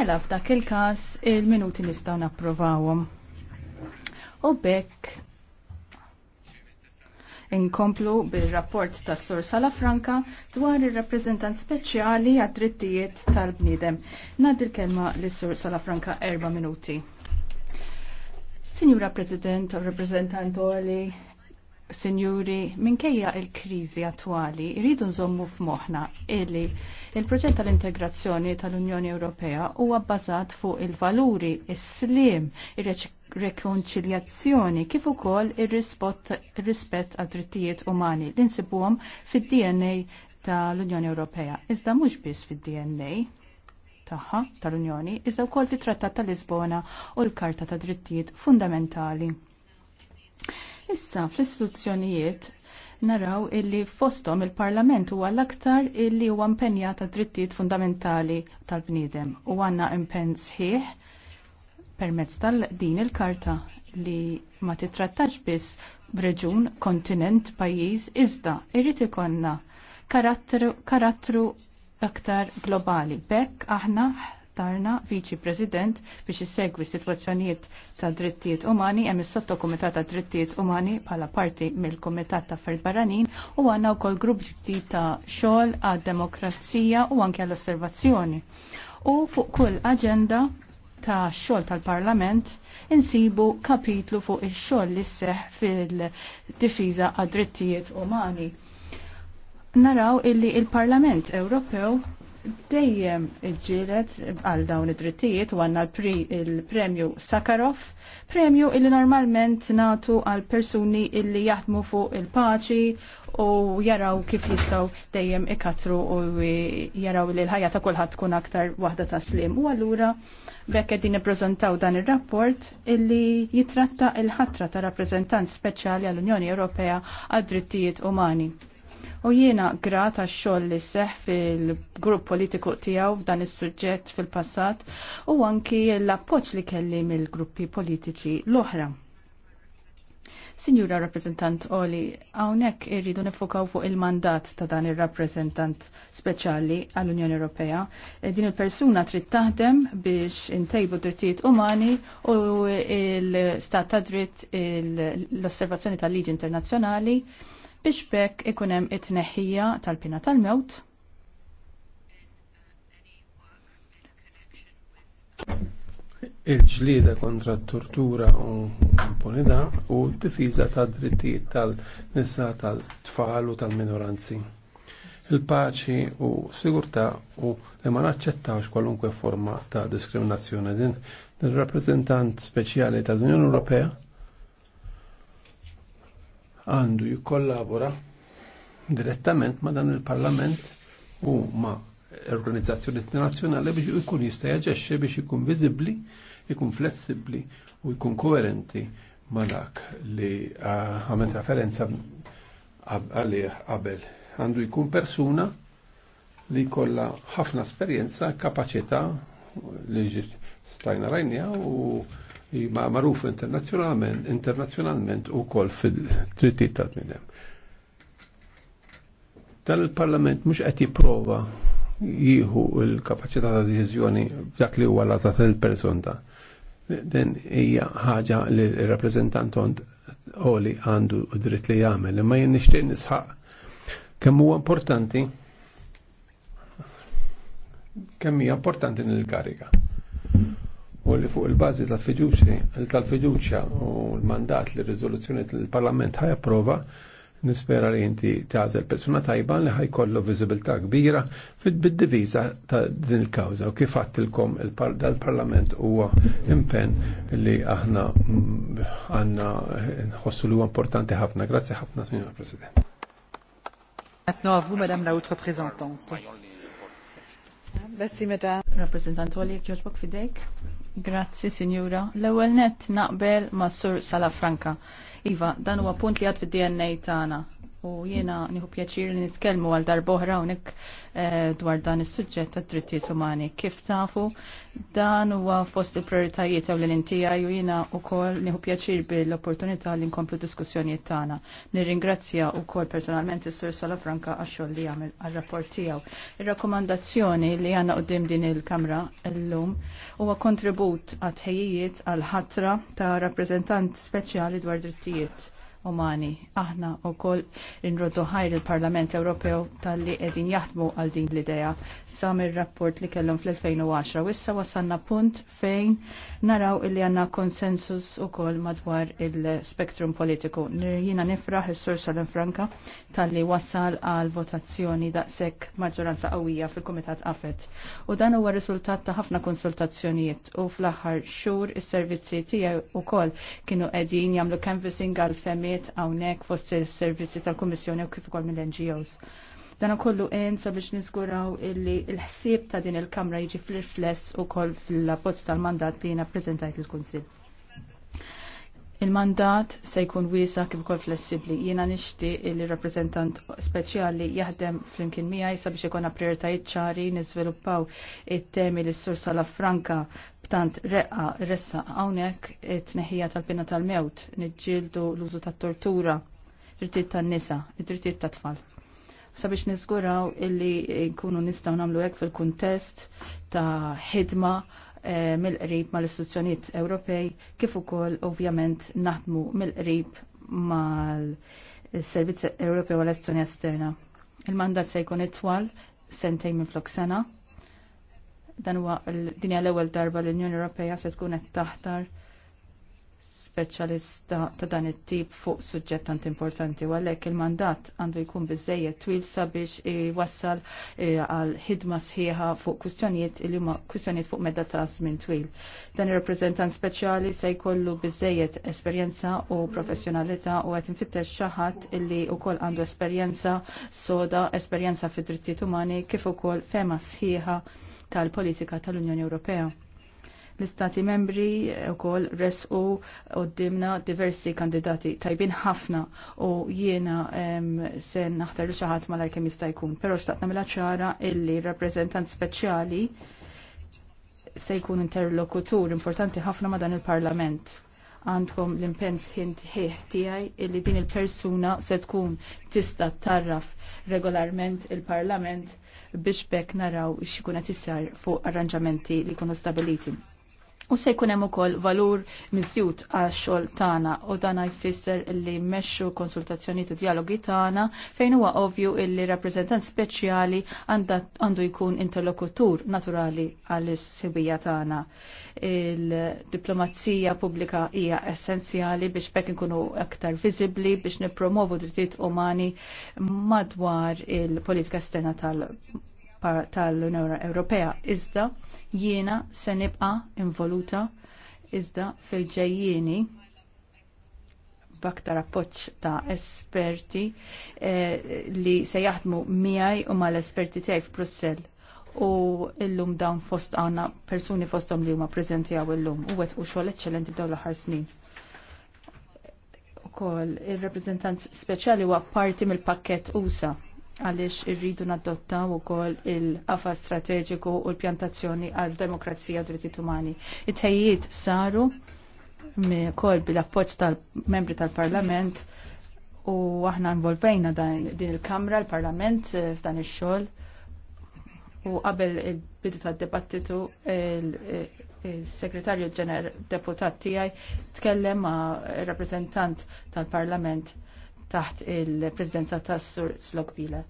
Mela f'dak il-każ il-minuti nistgħu napprovawhom. U bekk inkomplu bil-rapport tas Sur Sala Franka dwar ir-rappreżentant speċjali għad-drittijiet tal-bniedem. Nad il kelma lis sur Sala Franka erba' minuti. Signora President, rappresentant Oli, Sinjuri, minkejja il-krizi attwali, rridu nżommu f'moħħna illi il-proġett tal-integrazzjoni tal-Unjoni Ewropea huwa bbażat fuq il-valuri, is-slim, ir-rekonċiljazzjoni kif ukoll ir-rispett għad drittijiet umani li nsibuhom fid-DNA tal-Unjoni Ewropea. Iżda mhux biss fid-DNA tagħha tal-Unjoni, iżda wkoll fit-Trattat tal-Lisbona u l-Karta ta' Drittijiet Fundamentali. Issa fl-istituzzjonijiet naraw illi fostom il-Parlament huwa l-aktar illi huwa impenja ta' drittijiet fundamentali tal-bniedem u għanna impenn sħiħ permezz tal-din il-karta li ma titrattax biss b'reġun, kontinent, pajjiż, iżda irrid ikonna karattru, karattru aktar globali. Bekk aħna ħtarna viċi president biex jissegwi situazzjonijiet ta' drittijiet umani hemm is-sottokumitat ta' drittijiet umani bħala parti mill-Kumitat ta' Affarijiet Barranin u għandna wkoll grupp ġdid ta' xogħol għad-demokrazija u anke għall-osservazzjoni. U fuq kull aġenda ta' xogħol tal-Parlament insibu kapitlu fuq ix-xogħol li seħ fil-difiża għad-drittijiet umani naraw illi il-Parlament Ewropew dejjem ġilet għal dawn id-drittijiet u għanna l premju Sakarov, premju illi normalment natu għal persuni illi jaħdmu fuq il-paċi u jaraw kif jistaw dejjem ikatru u jaraw li l-ħajja ta' kulħadd tkun aktar waħda ta' slim. U allura bekk qegħdin nippreżentaw dan ir-rapport illi jitratta il-ħatra ta' rappreżentant speċjali għall-Unjoni Ewropea għad-drittijiet umani u jiena grata xoll xogħol li seħ fil-grupp politiku tiegħu f'dan is-suġġett fil-passat u anki l-appoġġ li kelli mill-gruppi politiċi l-oħra. Sinjura rappresentant Oli, hawnhekk irridu nifokaw fuq il-mandat ta' dan ir-rappreżentant speċjali għall-Unjoni Ewropea. Din il-persuna trid taħdem biex intejbu drittijiet umani u l-stat ta' dritt l-osservazzjoni tal-liġi internazzjonali biex bekk ikun hemm it-tneħħija tal-pina tal-mewt. il-ġlida kontra t-tortura u impunità u t-tifiża tad drittijiet tal-nisa tal-tfal u tal-minoranzi il-paċi u sigurtà u li ma naċċettawx kwalunkwe forma ta' diskriminazzjoni din. Il-rappresentant speċjali tal-Unjoni Ewropea għandu jikkollabora direttament ma dan il-Parlament u ma organizzazzjoni internazjonali biex ikun jista' jaġexxi biex ikun viżibbli, ikun flessibbli u jkun koerenti ma dak li għamet referenza għalih qabel. Għandu jkun persuna li kolla ħafna esperjenza, kapacità li ġiet stajna rajnija u Ma marufu internazzjonalment internazzjonalment u kol fil-trittit tal Dan Tal-parlament mux qed jipprova jieħu l-kapacità ta' deċiżjoni dak li huwa l-għata tal-persona. Den hija ħaġa li r-rappreżentant oli għandu dritt li jagħmel, imma jien nixtieq nisħaq kemm huwa importanti kemm hija importanti nil-kariga u li fuq il-bazi tal-fiduċja u l-mandat li r-rizoluzzjoni tal-Parlament ħaj approva, nispera li inti tażel persona tajba li ħajkollu vizibilta kbira bid divisa ta' din il-kawża u kif għattilkom dal-Parlament huwa impenn li aħna mm, għandna nħossu li huwa importanti ħafna. Grazzi ħafna, Signor President. Maintenant à vous, Madame la Haute Représentante. Merci, Madame. Rappresentante Oleg, Grazzi, Signora. L-ewwel nett naqbel ma' Sur Salafranca. Iva, dan huwa punt li għad fid-DNA tagħna u jiena nieħu pjaċir li nitkellmu għal darboħra hawnhekk eh, dwar dan is-suġġett tad-drittijiet umani. Kif tafu dan huwa fost il-prioritajiet ewlenin tiegħi u jiena wkoll nieħu pjaċir bil-opportunità li nkomplu diskussjonijiet tagħna. Nirringrazzja wkoll personalment is-Sur Sala għax-xogħol li jagħmel għar-rapport tiegħu. Ir-rakkomandazzjoni li għandna qudiem din il-Kamra llum huwa kontribut għat ħejjiet għal ħatra ta' rappreżentant speċjali dwar drittijiet umani. Aħna u koll inrodu ħajr il-Parlament Ewropew tal-li edin jaħdmu għal din l-ideja. Sam il-rapport li kellhom fl-2010 u issa wasanna punt fejn naraw illi għanna konsensus u koll madwar il-spektrum politiku. Nirjina nifraħ il-Sur Salim Franka tal-li wassal għal votazzjoni sekk maġġoranza qawwija fil-Komitat Afet. U dan huwa riżultat ta' ħafna konsultazzjonijiet u fl-aħħar xhur is-servizzi tiegħu koll kienu qegħdin jagħmlu canvassing għal femi għajnuniet għawnek fost il-servizzi tal-Kommissjoni u kif ukoll mill-NGOs. Dan kollu ensa sabiex niżguraw illi l-ħsieb ta' din il-Kamra jiġi fl-rifless u koll fil-abbozz tal-mandat li jina prezentajt il-Kunsil. Il-mandat se jkun wiesa kif ukoll flessibbli. Jiena nixti li rappreżentant speċjali jaħdem flimkien miegħi sabiex ikollna prioritajiet ċari niżviluppaw it-temi li s-sur sala franka b'tant reqqa ressa hawnhekk it-tneħija tal-pina tal-mewt, niġġieldu l-użu tat-tortura, drittijiet tan-nisa, id-drittijiet tat-tfal. Sabiex niżguraw illi nkunu nistgħu nagħmlu hekk fil-kuntest ta' ħidma Eh, mill-qrib mal-istituzzjonijiet Ewropej kif ukoll ovvjament naħdmu mill-qrib mal-Servizz Ewropew għal azzjoni Esterna. Il-mandat se jkun it-twal, sentejn minn flok sena. Dan huwa dinja l-ewwel darba l-Unjoni Ewropea se tkun qed taħtar speċjalista ta' dan it-tip fuq suġġett tant importanti u għalhekk il-mandat għandu jkun biżejjed twil sabiex iwassal e, għal ħidma sħiħa fuq kwistjonijiet li huma kwistjonijiet fuq medda ta' żmien twil. Dan ir-rappreżentant speċjali se jkollu biżejjed esperjenza u professjonalità u qed infittex xi ħadd illi wkoll għandu esperjenza soda, esperjenza fid-drittijiet umani kif ukoll fema sħiħa tal-politika tal-Unjoni Ewropea L-istati membri u kol u għoddimna diversi kandidati tajbin ħafna u jiena sen naħtar xaħat mal-ar jista' jistajkun. Pero xtaqna mela ċara illi rappresentant speċjali se jkun interlokutur importanti ħafna ma dan il-parlament għandkom l-impens hint ħieħ tiegħi illi din il-persuna se tkun tista tarraf regolarment il-parlament biex bekk naraw xikuna qed issar fuq arranġamenti li jkunu stabiliti. U se jkun hemm ukoll valur miżjud għax-xogħol tagħna u dan jfisser li mmexxu konsultazzjonijiet u dialogi tagħna fejn huwa ovvju li rappreżentant speċjali għandu jkun interlokutur naturali għall sibija tagħna. Il-diplomazija pubblika hija essenzjali biex bekk inkunu aktar viżibbli biex nippromovu drittijiet umani madwar il-politika esterna tal tal-Unjoni Ewropea. Iżda jiena se nibqa involuta iżda fil-ġejjieni b'aktar appoġġ ta' esperti eh, li se jaħdmu miegħi u mal-esperti tiegħi f'Brussell u illum dawn fost għanna persuni fostom li huma preżenti għaw illum u għet u xogħol eċċellenti dawn l-aħħar snin. Ukoll ir reprezentant speċjali huwa parti mill-pakkett USA għaliex irridu nadottaw ukoll il-qafa strateġiku u l-pjantazzjoni għal demokrazija u drittijiet umani. It-tejjiet saru kol bil-appoġġ tal-membri tal-Parlament u aħna involvejna din il-Kamra, l-Parlament eh, f'dan ix-xogħol u qabel il-bidu tad-dibattitu eh, il-Segretarju Ġener Deputat tiegħi tkellem ma' rappreżentant tal-Parlament taħt il-Presidenza tas-Sur Slogbila.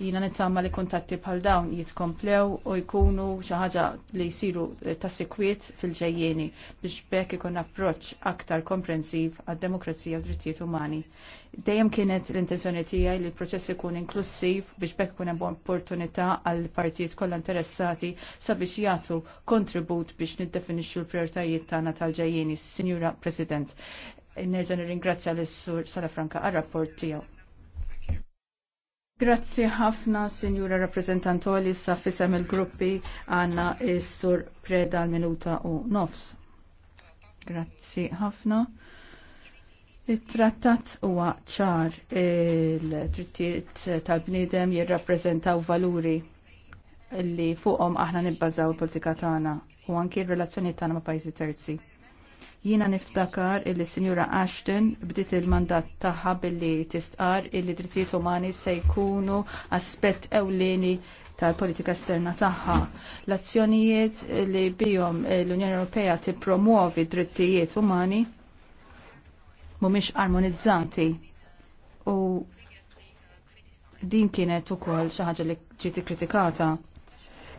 Jina nittama li kuntatti bħal dawn jitkomplew u jkunu xi ħaġa li jsiru eh, ta' sikwiet fil-ġejjeni biex bekk ikun approċċ aktar komprensiv għad-demokrazija u drittijiet umani. Dejjem kienet l-intenzjoni tiegħi li l-proċess ikun inklusiv biex bekk ikun hemm opportunità għal partijiet kollha interessati sabiex jagħtu kontribut biex niddefinixxu l-prijoritajiet tagħna tal-ġejjeni, Sinjura President nerġa' nirringrazzja lis-sur Salafranca għar-rapport tiegħu. Grazzi ħafna, Sinjura Rappresentantoli, sa fisem il-gruppi għanna il sur preda l-minuta u nofs. Grazzi ħafna. Il-trattat huwa ċar il-trittijiet tal-bniedem jirrappreżentaw valuri li fuqhom aħna nibbażaw il-politika tagħna u anki r-relazzjoni tagħna ma' pajjiżi terzi Jiena niftakar illi Sinjura Ashton bdiet il-mandat tagħha billi tistqar illi drittijiet umani se jkunu aspett ewlieni tal-politika esterna tagħha. L-azzjonijiet li bihom l-Unjoni Ewropea tippromuovi drittijiet umani mhumiex armonizzanti u din kienet ukoll xi ħaġa li ġiet ikkritikata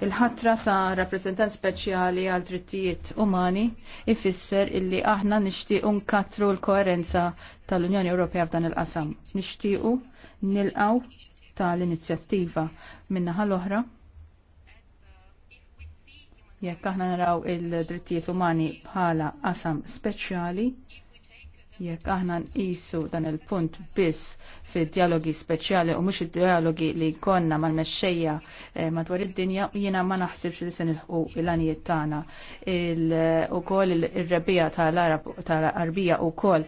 Il-ħatra ta' rappresentant speċjali għal drittijiet umani ifisser illi aħna nixtiequ nkatru l-koerenza tal-Unjoni Ewropea f'dan il-qasam. Nixtiequ nilqaw tal-inizjattiva minnaħa l-oħra. Jekk aħna naraw il-drittijiet umani bħala qasam speċjali, Jekk aħna nqisu dan il-punt biss fid-dialogi speċjali u mhux id-dialogi li jkollna mal-mexxejja eh, madwar id-dinja, jiena ma naħsibx li se nilħu l-għanijiet tagħna. Ukoll ir-rebija tal-Arab tal-Arbija wkoll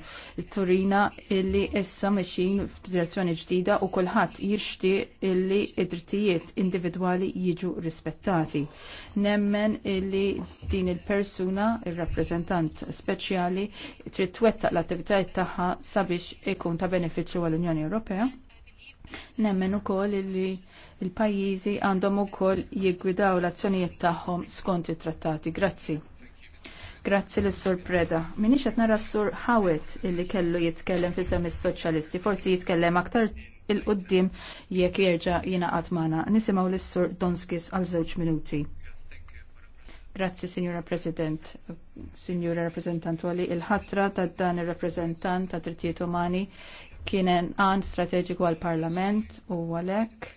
turina illi issa mexxin f'direzzjoni ġdida u kulħadd jixtieq illi id-drittijiet individwali jiġu rispettati. Nemmen illi din il-persuna, ir-rappreżentant speċjali, trid twettaq l-attività l-attivitajiet tagħha sabiex ikun ta' benefiċċju għall-Unjoni Ewropea. Nemmen ukoll li l-pajjiżi għandhom ukoll jiggwidaw l-azzjonijiet tagħhom skont it-trattati. Grazzi. Grazzi l sur Preda. Minix qed nara s-sur Hawet illi kellu jitkellem fisem is-soċjalisti, forsi jitkellem aktar il-qoddim jekk jerġa' jingħaqad magħna. Nisimgħu lis sur Donskis għal żewġ minuti. Grazzi, Signora President, Signora Rappresentant il-ħatra ta' dan il-Rappresentant ta' Drittijiet Umani kienen għan strateġiku għal-Parlament u għalek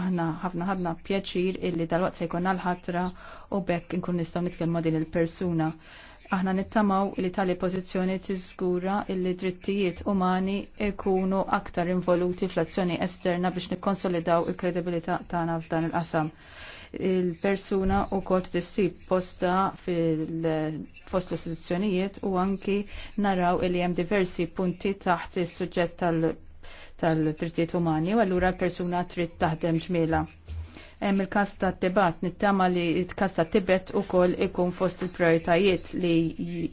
aħna ħafna ħadna pjaċir illi dal-waqt se jkun għal-ħatra u bekk nkun nistgħu nitkellmu din il-persuna. Aħna nittamaw li tali pożizzjoni tiżgura illi drittijiet umani ikunu aktar involuti fl-azzjoni esterna biex nikkonsolidaw il-kredibilità tagħna f'dan il-qasam il-persuna u kol tissib posta fil-fost l-istituzzjonijiet u anki naraw li hemm diversi punti taħt is-suġġett tal trittiet umani u allura l-persuna trid taħdem ġmiela hemm il-każ ta' Tibet nittama li il-każ ta' Tibet ukoll ikun fost il-prioritajiet li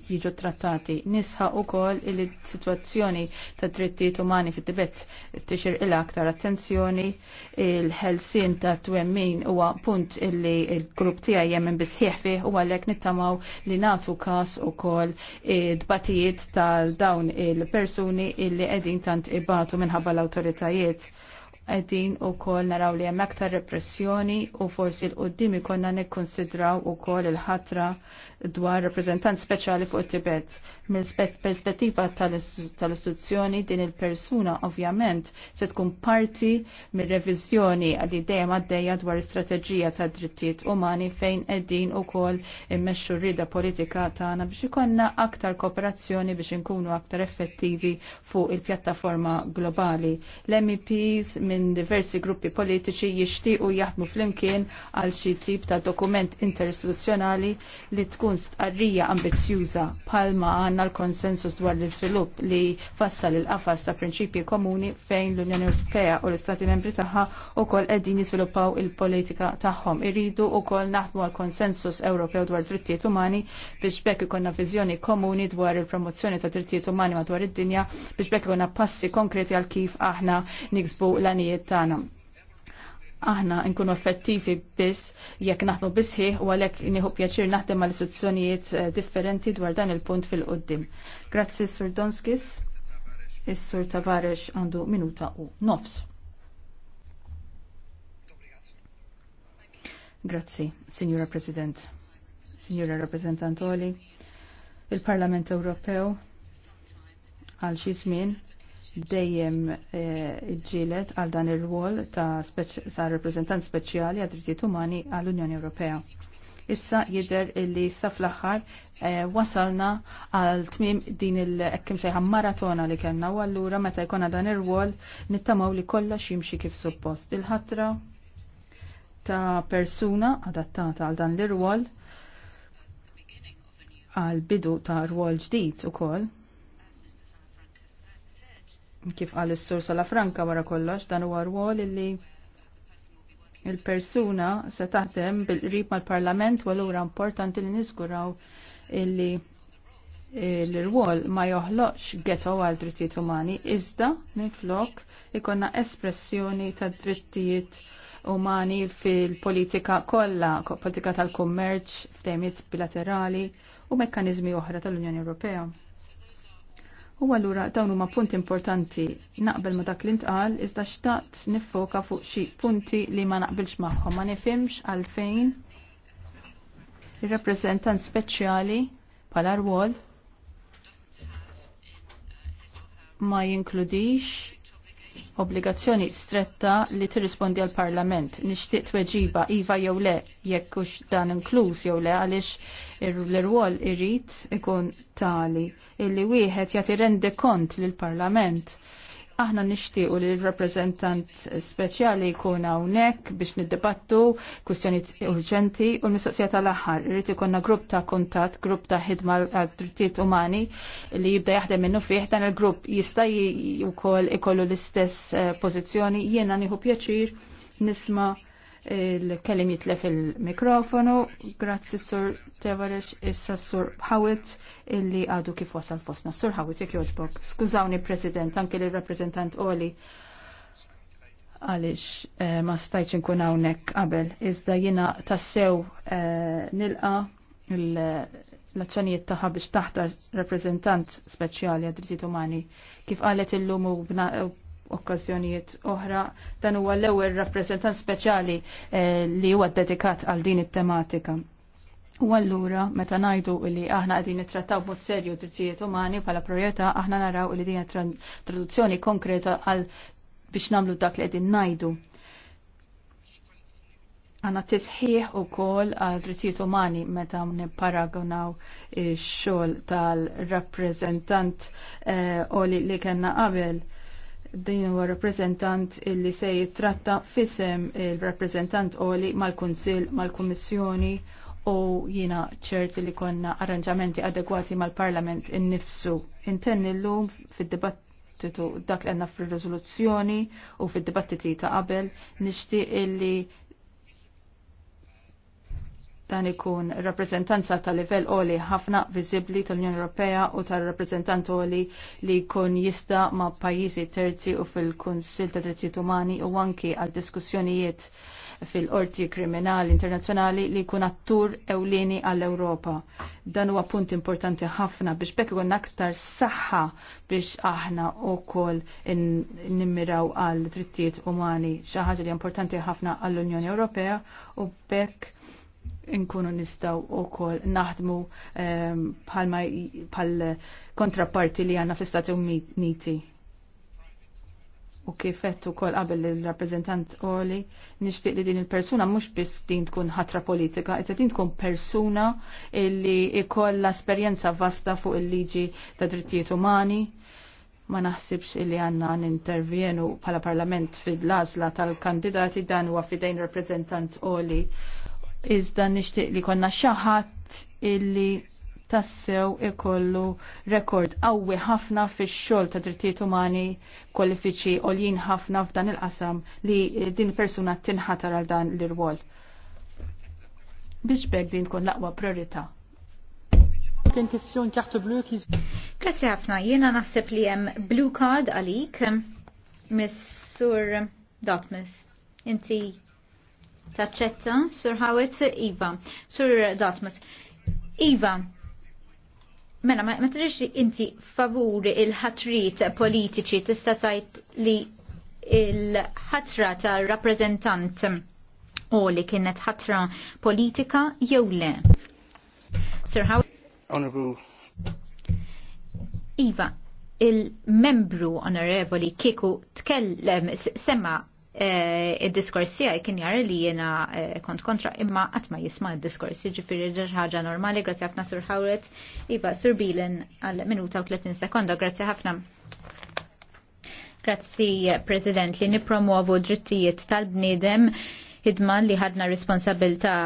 jiġu trattati. Nisħa kol li situazzjoni ta' drittijiet umani fit Tibet tixir il aktar attenzjoni il-ħelsin ta' twemmin huwa punt illi il-grupp tiegħi jemmen bisħieħ u għalhekk nittamaw li nagħtu każ ukoll batijiet ta' dawn il-persuni illi qegħdin tant ibatu minħabba l-awtoritajiet Qegħdin ukoll naraw li hemm aktar repressjoni u forsi l konna ikonna nikkonsidraw ukoll il-ħatra dwar rappresentant speċjali fuq it-Tibet. Mill-perspettiva tal-istituzzjoni din il-persuna ovvjament se tkun parti mir-reviżjoni għal idea għaddejja dwar istrateġija ta' drittijiet umani fejn qegħdin ukoll immexxu rrieda politika tagħna biex ikonna aktar kooperazzjoni biex inkunu aktar effettivi fuq il-pjattaforma globali. L-MEPs minn diversi gruppi politiċi jixtiequ jaħdmu flimkien għal xi tip ta' dokument interistituzzjonali li tkun tkun stqarrija ambizzjuża palma għandna l-konsensus dwar l-iżvilupp li fassal il-qafas ta' prinċipji komuni fejn l-Unjoni Ewropea u l-Istati Membri tagħha wkoll qegħdin jiżviluppaw il-politika tagħhom. Iridu wkoll naħdmu għal konsensus Ewropew dwar drittijiet umani biex bekk ikonna viżjoni komuni dwar il-promozzjoni ta' drittijiet umani madwar id-dinja biex bekk ikonna passi konkreti għal kif aħna niksbu l-anijiet tagħna aħna nkunu effettivi biss jekk naħdmu ħieħ u għalhekk nieħu pjaċir naħdem mal istituzzjonijiet eh, differenti dwar dan il-punt fil-qoddim. Grazzi Sur Donskis. Is-Sur Tavares għandu minuta u nofs. Grazzi, Signora President, Signora Oli, il-Parlament Ewropew għal xi żmien dejjem eh, ġilet għal dan ir-rwol ta' rappreżentant speċjali għad drittijiet umani għall unjoni Ewropea. Issa jidher illi sa fl-aħħar eh, wasalna għal tmim din il-ekkim sejħa maratona li kellna u allura meta jkollna dan ir-rwol nittamaw li kollox jimxi kif suppost. Il-ħatra ta' persuna adattata għal dan l-irwol għal bidu ta' rwol ġdid ukoll kif għal is-sur franka wara kollox dan huwa rwol li il-persuna se taħdem bil-qrib mal-Parlament u allura importanti li niskuraw illi l-rwol ma joħloqx ghetto għal drittijiet umani, iżda minflok ikonna espressjoni ta' drittijiet umani fil-politika kollha, politika tal-kummerċ, f'temiet bilaterali u mekkaniżmi oħra tal-Unjoni Ewropea. U allura dawn huma punti importanti naqbel ma dak li ntqal iżda xtaqt niffoka fuq xi punti li ma naqbilx magħhom ma nifhimx għalfejn ir-rappreżentant speċjali bħala rwol ma jinkludix obbligazzjoni stretta li tirrispondi għal parlament nixtieq tweġiba iva jew le jekk hux dan inkluż jew le għaliex l-rwol irrit ikun tali illi wieħed jagħti rende kont lill parlament Aħna nixtiequ li l-rappreżentant speċjali jkun hawnhekk biex niddibattu kwistjonijiet urġenti u l-mistoqsija tal-aħħar. Irrid ikonna grupp ta' kuntatt, grupp ta' ħidma għad drittijiet umani li jibda jaħdem minnu fih dan il-grupp jista' wkoll ikollu l-istess eh, pożizzjoni jiena nieħu pjaċir nisma' il-kelim jitlef il-mikrofonu, grazzi sur Tevarex, issa sur Hawit, illi għadu kif wasal fosna. Sur Hawit, jek joġbok. Skużawni, President, anke li rappresentant Oli għalix eh, ma stajċ nkun hawnhekk qabel. Iżda jiena tassew eh, nilqa l-azzjonijiet taħħa biex taħtar rappreżentant speċjali għad-drittijiet umani kif qalet illum u okkażjonijiet oħra. Dan huwa l-ewwel rappreżentant speċjali eh, li huwa dedikat għal din it-tematika. U allura meta ngħidu li aħna qegħdin nittrattaw b'mod serju drittijiet umani bħala projetà aħna naraw li din traduzzjoni konkreta għal biex nagħmlu dak li qegħdin ngħidu. Għanna tisħiħ u kol għal drittijiet umani meta niparagonaw xol tal-rappresentant eh, u li, kena qabel din huwa rappreżentant illi se jitratta fisem il-rappreżentant oli mal-Kunsill, mal-Kummissjoni u jina ċerti li konna arranġamenti adegwati mal-Parlament innifsu. Intenni l-lum fid-dibattitu dak li għanna fil-rezoluzzjoni u fid-dibattiti ta' qabel nixtieq illi dan ikun rappresentanza ta' livell oli ħafna viżibbli tal-Unjoni Ewropea u tal-rappresentant oli li jkun jista ma' pajjiżi terzi u fil-Kunsil ta' Drittijiet Umani u anki għal diskussjonijiet fil-qorti kriminali internazzjonali li jkun attur ewlieni għall ewropa Dan huwa punt importanti ħafna biex bekk ikun aktar saħħa biex aħna wkoll nimmiraw għal drittijiet umani xi ħaġa li importanti ħafna għall-Unjoni Ewropea u bekk nkunu nistaw u kol naħdmu ehm, bħal kontraparti li għanna fl-Istati Uniti. U kifet u kol qabel il-rappresentant Oli, nishtiq li din il-persuna mux biss din tkun ħatra politika, etta din tkun persuna illi l esperjenza vasta fuq il-liġi ta' drittijiet umani, ma naħsibx illi għanna n-intervjenu pala parlament fil-lazla tal-kandidati dan u għafidejn rappresentant Oli iżda nixtieq li konna xaħat illi tassew ikollu rekord qawwi ħafna fix-xogħol ta' drittijiet umani kwalifiċi għoljin ħafna f'dan il-qasam li din persuna tinħatar għal dan l-irwol. Biex bek din tkun l-aqwa priorità. Grazie ħafna, jiena naħseb li hemm blue card għalik Miss Sur Dartmouth. Inti Taċċetta, Sur Hawit, Iva, Sur Dartmouth. Iva, mela, ma trix li inti favuri il-ħatrit politiċi tista' tajt li il-ħatra ta' rappresentant u li kienet ħatra politika jew le. Sir Hawit. Honorable. Iva, il-membru onorevoli Kiku tkellem semma Eh, id-diskorsi għaj kien jar li jena eh, kont kontra imma għatma jisma d-diskors. diskorsi jiġifieri ġifiri ħaġa normali grazzi ħafna sur ħawret iva sur bilen għal minuta u 30 sekonda grazzi ħafna grazzi President li nipromuovu drittijiet tal-bnidem ħidma li ħadna responsabilta'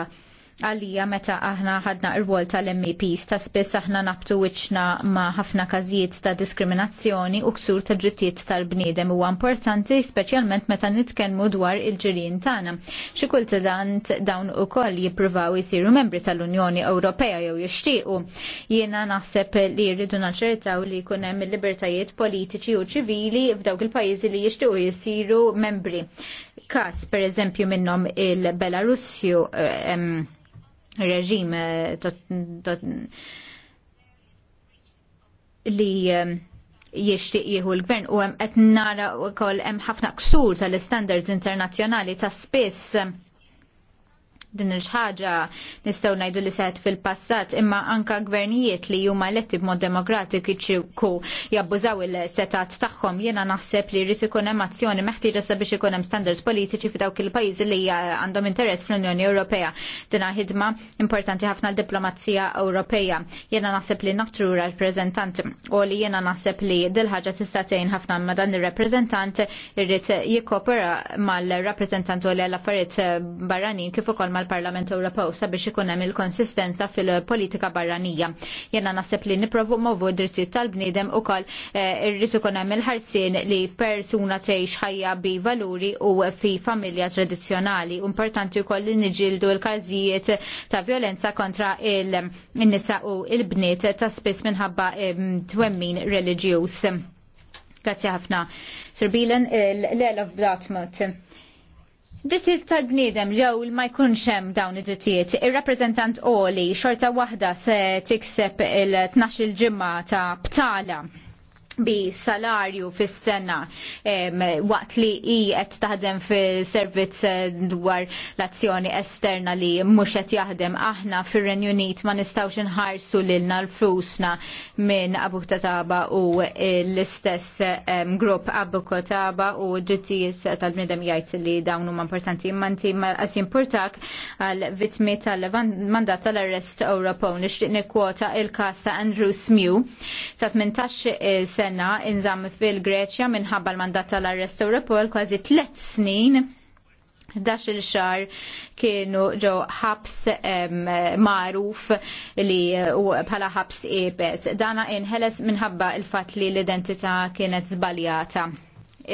għalija meta aħna ħadna ir-wol tal-MEPs ta' spess aħna nabtu wiċna ma' ħafna każijiet ta' diskriminazzjoni u ksur ta' drittijiet tal-bniedem huwa importanti speċjalment meta nitkellmu dwar il-ġirien tagħna. Xi kultant dawn ukoll jippruvaw jisiru membri tal-Unjoni Ewropea jew jixtiequ. Jiena naħseb li rridu naċertaw li jkun hemm il-libertajiet politiċi u ċivili f'dawk il-pajjiżi li jixtiequ jisiru membri. Kas, per eżempju, minnom il-Belarusju, eh, reġim eh, li eh, jixtieq jieħu l-gvern u hemm qed nara wkoll hemm ħafna ksur tal-istandards internazzjonali ta' spiss eh, din il-ħaġa nistgħu ngħidu li seħet fil-passat imma anka gvernijiet li huma letti b'mod demokratiku jabbużaw il-setat tagħhom jiena naħseb li jrid ikun hemm azzjoni meħtieġa sabiex ikun hemm standards politiċi f'dawk il-pajjiżi li għandhom interess fl-Unjoni Ewropea. Dina ħidma importanti ħafna l-diplomazija Ewropea. Jiena naħseb li naftru rappreżentant u li jiena naħseb li dil-ħaġa tista' tgħin ħafna ma dan ir-rappreżentant irrid jikkopera mal-rappreżentant u l-affarijiet barranin kif ukoll mal mal-Parlament Ewropew sabiex ikun hemm il-konsistenza fil-politika barranija. Jena naħseb li niprovu movu d-drittijiet tal-bniedem ukoll eh, irrid ikun hemm il-ħarsien li persuna tgħix ħajja bi valuri u fi familja tradizzjonali. Importanti wkoll li niġildu l-każijiet ta' violenza kontra il-nisa u il-bniet ta' spiss minħabba eh, twemmin reliġjuż. Grazie ħafna. Sir Bilen, eh, l-Ela of Dartmouth. Dittiet tal-bniedem jew ma jkunx hemm dawn id-drittijiet, ir-rappreżentant Oli xorta waħda se tikseb il-12 il ġimma ta' btala bi salarju fis-sena waqt li i qed taħdem fis-servizz eh, dwar l-azzjoni esterna li mhux qed jaħdem aħna fir-Renju Unit ma nistgħux inħarsu lilna l-flusna minn Abu Tataba u l-istess grupp Abu Kotaba u drittijiet tal-bniedem jgħid li dawn huma importanti imma inti qas jimpurtak għal vittmi tal-mandat tal-arrest Ewropew nixtieq nikkwota il-każ ta' Andrew Smew ta' 18 eh, sena inżamm fil-Greċja minħabba l-mandat tal-arrest Europol kważi tliet snin il xar kienu ġew ħabs magħruf li bħala ħabs ebes. Dana inħeles minħabba il-fatt li l-identità kienet żbaljata.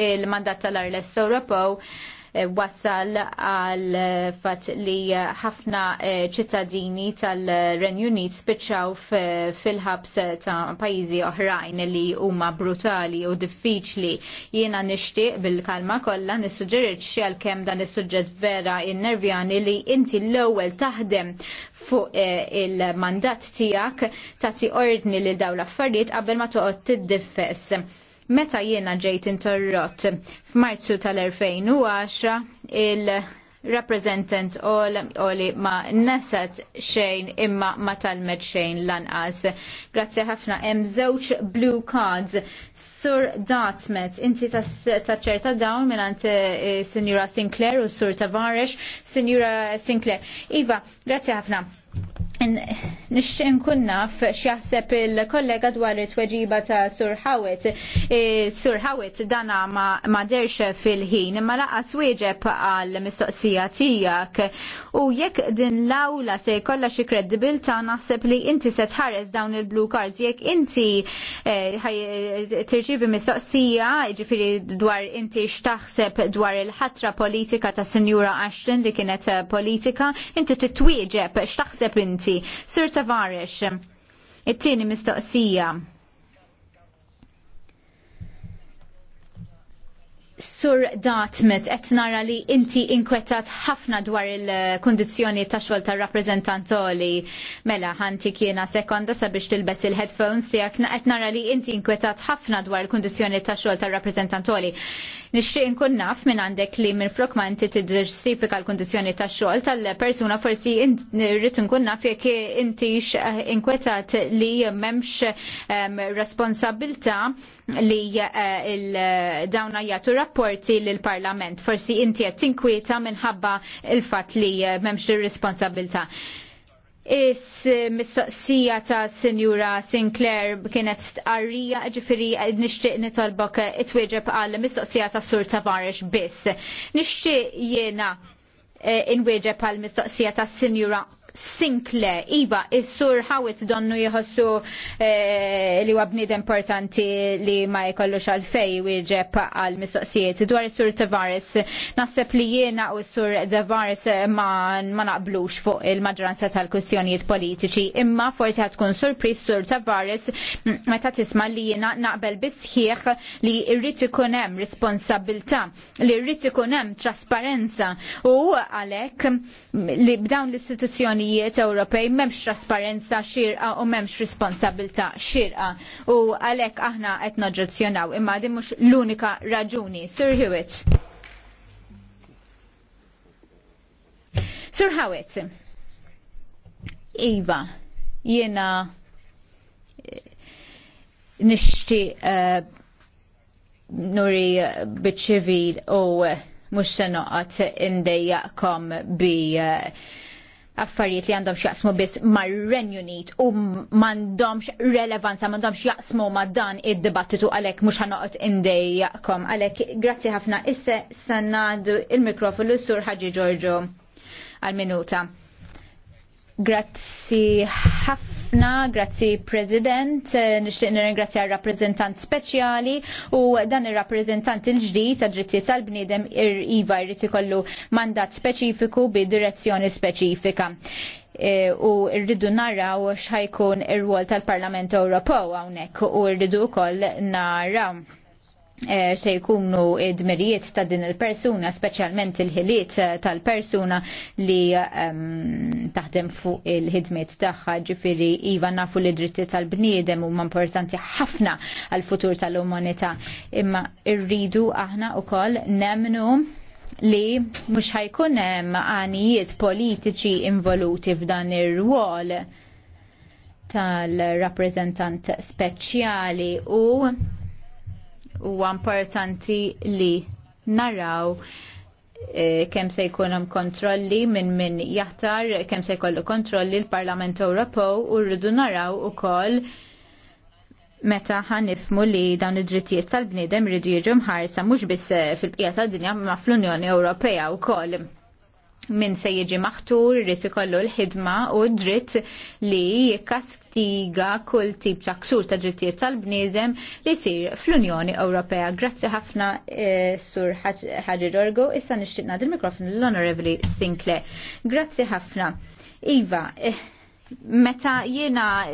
Il-mandat tal-arrest Europol Eh, wasal għal eh, fat li eh, ħafna ċittadini tal-Renju Unit spiċċaw fil-ħabs ta' pajjiżi oħrajn li huma brutali u diffiċli. Jiena nixtieq bil-kalma kollha nissuġġeriet xi għalkemm dan is-suġġett vera innervjani li inti l-ewwel taħdem fuq il-mandat tiegħek tagħti ordni lil dawn l-affarijiet qabel ma toqgħod tiddifess Meta jiena ġejt interrott f'Marzu tal-2010 il- rappresentant oli ma nesat xejn imma ma talmet xejn lanqas. Grazzi ħafna hemm żewġ blue cards. Sur Dartmouth, inti ċerta dawn minant eh, Sinjura Sinclair u Sur Tavares, Sinjura Sinclair. Iva, grazzi ħafna. Nixtieq nkun naf x'jaħseb il-kollega dwar it-tweġiba ta' Sur Hawit. E, Sur Hawit dana ma derx fil-ħin, imma laqas wieġeb għal mistoqsija tiegħek. U jekk din l-awla se jkollha xi kredibilta naħseb li inti se tħares dawn il-blue cards jekk inti e, tirċievi mistoqsija, jiġifieri dwar inti x'taħseb dwar il-ħatra politika ta' Sinjura Ashton li kienet politika, inti titwieġeb x'taħseb inti Sir Tavares, it-tieni mistoqsija. Sur Datmet, qed nara li inti inkwetat ħafna dwar il-kondizjoni ta' xogħol tar rappreżentantoli. Mela, ħanti kiena sekonda sabiex tilbes il-headphones tiegħek qed nara li inti inkwetat ħafna dwar il-kondizjoni ta' xogħol tar rappreżentantoli. Nixtieq inkun naf minn għandek li minn ma inti tiddiġstifika l-kondizjoni ta' xogħol tal-persuna forsi rrid inkun naf jekk intix inkwetat li m'hemmx responsabilta' li eh, eh, dawn għajatu rapporti lill parlament Forsi inti qed tinkwieta minħabba il-fatt li eh, m'hemmx ir responsabilta Is mistoqsija ta' Sinjura Sinclair kienet stqarrija ġifiri nixtieq nitolbok it-tweġeb għal mistoqsija ta' Sur Tavares biss. Nixtieq jiena inweġeb għal mistoqsija ta' Sinjura Sinkle, Iva, is-sur ħawit donnu jħossu eh, li huwa bniedem importanti li ma jkollux għalfej wieġeb għal mistoqsijiet. Dwar is-sur Tavares, naħseb li jiena u s-sur Tavares ma, ma naqblux fuq il-maġranza tal-kwistjonijiet politiċi, imma forsi ħad tkun surpriż sur Tavares meta tisma' li jiena naqbel bisħieħ li rrid ikun hemm responsabilità, li rrid ikun hemm trasparenza u għalek li b'dawn l-istituzzjoni kumpanijiet Ewropej m'hemmx trasparenza xirqa u m'hemmx responsabilità xirqa u għalhekk aħna qed noġġezzjonaw imma din mhux l-unika raġuni. Sir Hewitt. Sir Hewitt. Iva, jiena eh, nixti eh, nuri eh, biċ-ċivil u mux se noqgħod indejjaqkom bi uh, affarijiet li għandhom xjaqsmu biss mar-Renju Unit u m'għandhomx relevanza, m'għandhomx jaqsmu ma' dan id-dibattitu għalhekk mhux ħanoqgħod indejjaqkom. Għalhekk grazzi ħafna issa sanad il-mikrofonu sur ħagġi Giorgio għal-minuta. Grazzi ħafna ħafna, grazzi President, nixtieq nirringrazzja għal rappreżentant speċjali u dan ir-rappreżentant il-ġdid ta' drittijiet tal-bniedem ir-IVA jrid ikollu mandat speċifiku bi direzzjoni speċifika e, u rridu naraw x'ħajkun ir-rwol tal-Parlament Ewropew hawnhekk u rridu wkoll naraw Eh, se jkunu id-dmirijiet ta' din il-persuna, specialment il-ħiliet eh, tal-persuna li um, taħdem fuq il-ħidmiet tagħha, ġifiri iva nafu li dritti tal-bniedem huma importanti ħafna għal futur tal-umanità. Imma irridu aħna wkoll nemnu li mhux ħajkun hemm għanijiet politiċi involuti f'dan ir-rwol tal-rappreżentant speċjali u huwa importanti li naraw eh, kem se jkun kontrolli minn min jaħtar, kem se jkollu kontrolli l-Parlament Ewropew u rridu naraw ukoll meta ħanifmu li dawn id-drittijiet tal-bniedem rridu jiġu mħarsa mhux biss fil-bqija tad-dinja ma fl-Unjoni Ewropea wkoll min se jiġi maħtur rrit ikollu l-ħidma u dritt li jikkastiga kull tip ta' ksur ta' drittijiet tal-bniedem li jsir fl-Unjoni Ewropea. Grazzi ħafna eh, sur Ħaġi Orgo, issa nixtieq nagħti l-mikrofon l honorevli Sinclair. Grazzi ħafna. Iva, eh, meta jiena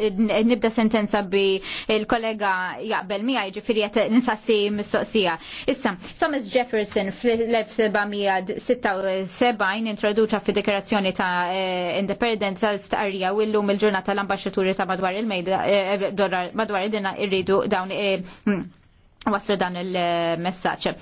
nibda sentenza bi il-kollega jaqbel mija ġifiri jett nisassi mistoqsija. Issa, Thomas Jefferson fl-1776 introduċa fi dekorazzjoni ta' eh, independenza l starja u l-lum il-ġurnata l ambasġaturi ta' madwar il-mejda madwar eh, id-dina irridu dawn eh, waslu dan il-messagġ.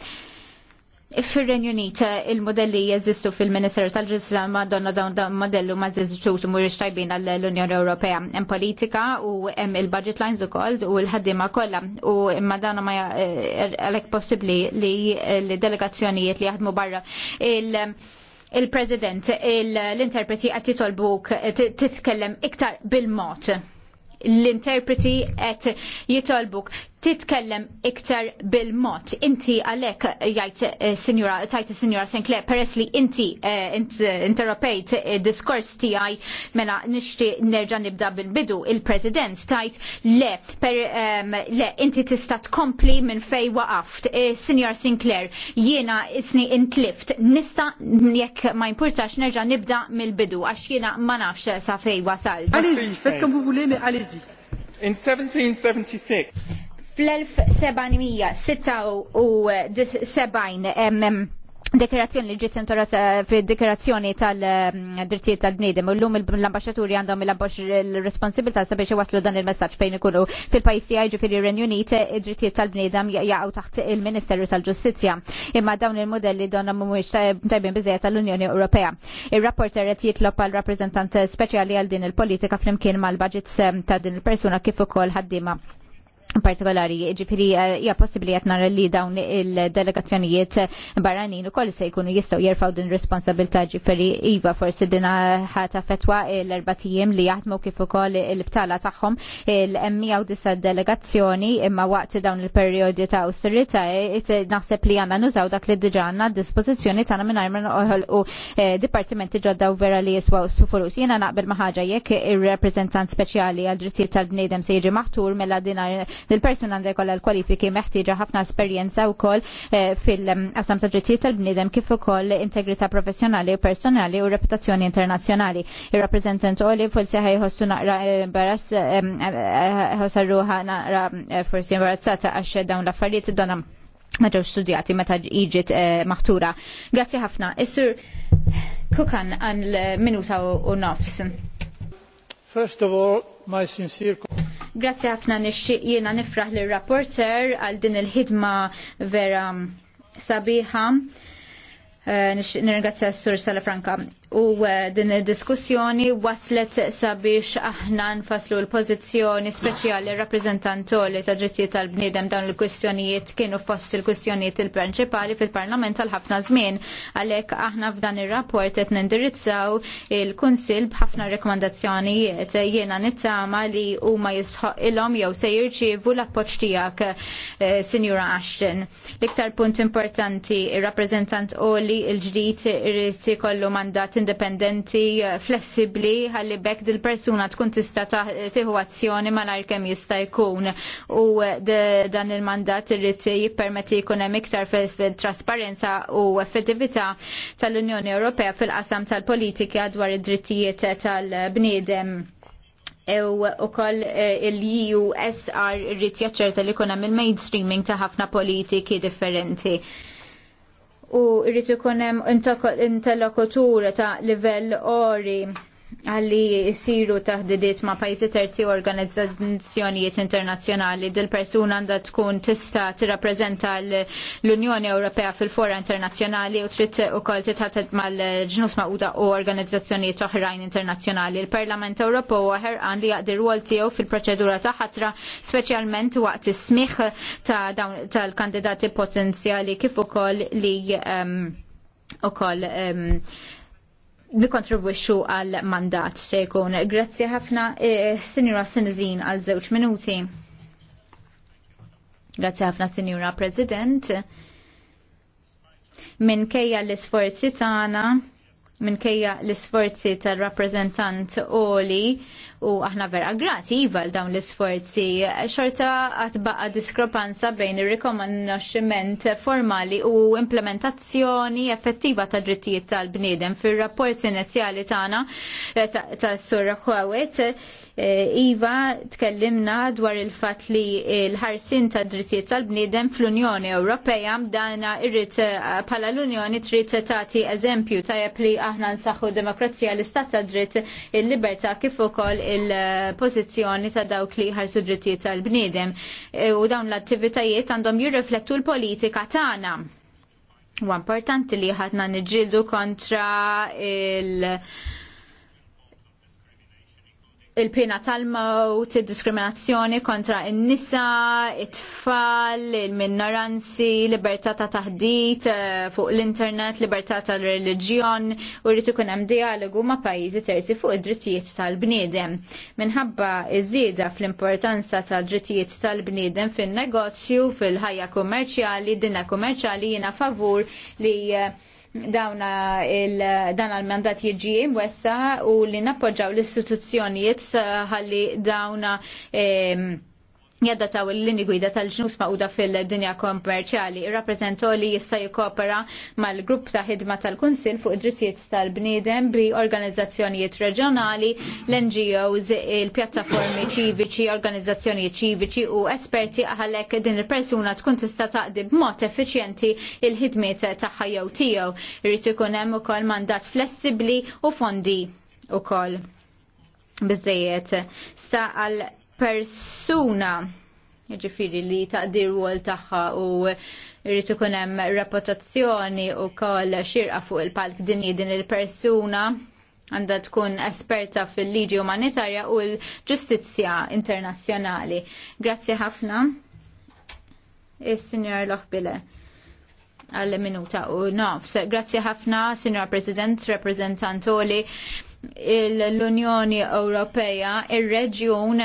Fir-Renju Unit eh, il-modelli jeżistu fil-Ministeru tal-Ġustizja ma' donna dawn da modellu ma' jeżistux mhuwiex tajbin għall-Unjoni Ewropea. Hemm politika u hemm il-budget lines ukoll u l-ħaddiema kollha u imma dan ma eh, għalhekk possibbli li l-delegazzjonijiet li jaħdmu barra il- il-President, l-interpreti għat titolbuk titkellem iktar bil-mot. L-interpreti għat jitolbuk titkellem iktar bil-mod. Inti għalek eh, jgħid eh, sinjura tajt sinjura Sinclair peress li inti eh, interropejt diskors tiegħi mela nishti nerġa' nibda bil-bidu il-President tajt le per ehm, le inti tista' tkompli minn fej waqaft. Sinjura Sinclair jiena isni intlift nista' jekk ma jimpurtax nerġa' nibda mill-bidu għax jiena ma nafx sa fej wasalt. Għalizi, y faites comme vous In 1776 fl-1776 Dekorazzjoni li ġiet intorata eh, fid-dekorazzjoni tal-drittijiet tal-bniedem u llum l-ambasċaturi għandhom il-responsibilità sabiex waslu dan il-messaġġ fejn ikunu fil-pajjiż tiegħi ġifieri Renju Unit id-drittijiet tal bnidem jaqgħu taħt il-Ministeru tal-Ġustizzja. Imma dawn il-modelli donna mhumiex tajbin biżejjed tal-Unjoni Ewropea. Ir-rapporter qed jitlob għal rappreżentant speċjali għal din il-politika flimkien mal-budgets ta' din il-persuna kif ukoll ħaddiema partikolari, ġifiri, eh, hija possibli qed nara li dawn il-delegazzjonijiet barranin u koll se jkunu jistgħu jerfgħu din responsabilità ġifiri iva forsi dina ħata fetwa l-erbatijiem li jaħdmu kif ukoll il-btala tagħhom il-emmija disa delegazzjoni imma waqt dawn il-perjodi ta' austerità naħseb li għandna nużaw dak li diġà għandna dispożizzjoni tagħna mingħajr ma eh, dipartimenti ġodda u vera li jiswaw sufurus. Jiena naqbel ma' ħaġa jekk ir speċjali għal drittijiet tal-bniedem se jiġi maħtur mela dinar Il-persuna għandha jkollha l-kwalifiki meħtieġa ħafna esperjenza wkoll eh, fil-qasam ta' ġittijiet tal-bniedem kif ukoll integrità professjonali u personali u reputazzjoni internazzjonali. Ir-rappreżentant Oli forsi ħajħossu naqra eh, baras eh, ħosarruha naqra forsi imbarazzata għax dawn l-affarijiet donam ma ġewx studjati meta iġiet maħtura. Grazzi ħafna. Is-sur Kukan għan l-minuta u nofs. First of all, my sincere Grazie ħafna nixtieq jiena nifraħ lir rapporter għal din il-ħidma vera sabiħa. Eh, nixtieq nirringrazzja s-sur Sala Franka u eh, din id-diskussjoni waslet sabiex aħna nfaslu l-pożizzjoni speċjali rappreżentantoli ta' drittijiet tal-bniedem dawn il-kwistjonijiet kienu fost il-kwistjonijiet il-prinċipali fil-Parlament għal ħafna żmien għalhekk aħna f'dan ir-rapport qed nindirizzaw il-Kunsill b'ħafna rekomandazzjonijiet jiena nittama li huma jisħoq ilhom jew se jirċievu l-appoġġ tiegħek eh, Sinjura Ashton. L-iktar punt importanti ir-rappreżentant Oli l-ġdid irid ikollu mandat indipendenti, eh, flessibli, ħalli bekk dil-persuna tkun tista tieħu azzjoni malajr kemm jista' jkun. U eh, dan il-mandat irrid jippermetti jkun hemm iktar trasparenza u effettività tal-Unjoni Ewropea fil-qasam tal-politika dwar id-drittijiet tal-bniedem ew u koll eh, il usr rrit jaċċerta li kunem il-mainstreaming ta' ħafna politiki differenti u rritu hemm interlokutura ta' livell ori għalli siru taħdidiet ma' pajzi terzi u organizzazzjonijiet internazzjonali dil-persuna għandha tkun tista' tirrappreżenta l-Unjoni Ewropea fil-fora internazzjonali u trid ukoll titħatet mal-ġnus uda u organizzazzjonijiet oħrajn internazzjonali. Il-Parlament Ewropew għan li jaqdi rwol tiegħu fil-proċedura ta' ħatra speċjalment waqt smiħ smih tal-kandidati potenzjali kif ukoll li ehm, ukoll ehm, nikontribwixxu għal mandat se jkun. Grazzi ħafna, e, Sinjura Sinizin għal żewġ minuti. Grazzi ħafna, Sinjura President. Minn kejja l-isforzi tagħna, minn kejja l-isforzi tal-rappreżentant Oli u aħna vera grati iva dawn l-isforzi xorta għat baqa diskrepanza bejn il-rekomandaxximent formali u implementazzjoni effettiva ta' drittijiet tal-bniedem fil-rapport inizjali tagħna ta' Sur Hawet eh, Iva tkellimna dwar il-fat li l-ħarsin ta' drittijiet tal-bniedem fl-Unjoni Ewropea dana irrit pala l-Unjoni trid tagħti eżempju tajjeb li aħna nsaħħu demokrazija l-istat ta' dritt il-libertà kif ukoll il-pozizjoni ta' dawk li ħarsu drittijiet tal-bniedem e, u dawn l-attivitajiet għandhom jirriflettu l-politika tagħna. U importanti li ħadna niġġieldu kontra il- il-pina tal-mawt, il-diskriminazzjoni kontra il-nisa, it-tfal, il-minoranzi, libertà ta' taħdit eh, fuq l-internet, libertà tal-reġjon, u rritu ikun hemm dialogu ma' pajjiżi terzi fuq id-drittijiet tal-bniedem. Minħabba iż-żieda fl-importanza tal-drittijiet tal-bniedem fin-negozju, fil-ħajja kummerċjali, dinna kummerċjali jiena favur li eh, dawna il, dan għal-mandat jiġi imwessa u li nappoġġaw l-istituzzjonijiet eh, ħalli dawna eh, jadda taw l-lini gwida tal-ġnus ma'uda fil-dinja kommerċjali. rappresentu li jista' jikopera mal-grupp ta' ħidma tal-Kunsil fuq id-drittijiet tal-bniedem bi organizzazzjonijiet reġjonali, l-NGOs, il-pjattaformi ċiviċi, organizzazzjonijiet ċiviċi u esperti għalhekk din il-persuna tkun tista' taqdi b'mod effiċjenti il-ħidmiet tagħha jew tiegħu. Irid ikun hemm ukoll mandat flessibbli u fondi ukoll. Bizzejiet. Sta għal persuna ġifiri li taqdir wol taħħa u rrit ikun hemm reputazzjoni u koll xirqa fuq il-palk dinji din il-persuna għandha tkun esperta fil-liġi umanitarja u l-ġustizzja internazzjonali. Grazzi ħafna. Is-Sinjor Loħbile għal minuta u nofs. Grazzi ħafna, Sinjor President, Reprezentantoli l-Unjoni Ewropea, ir-Reġjun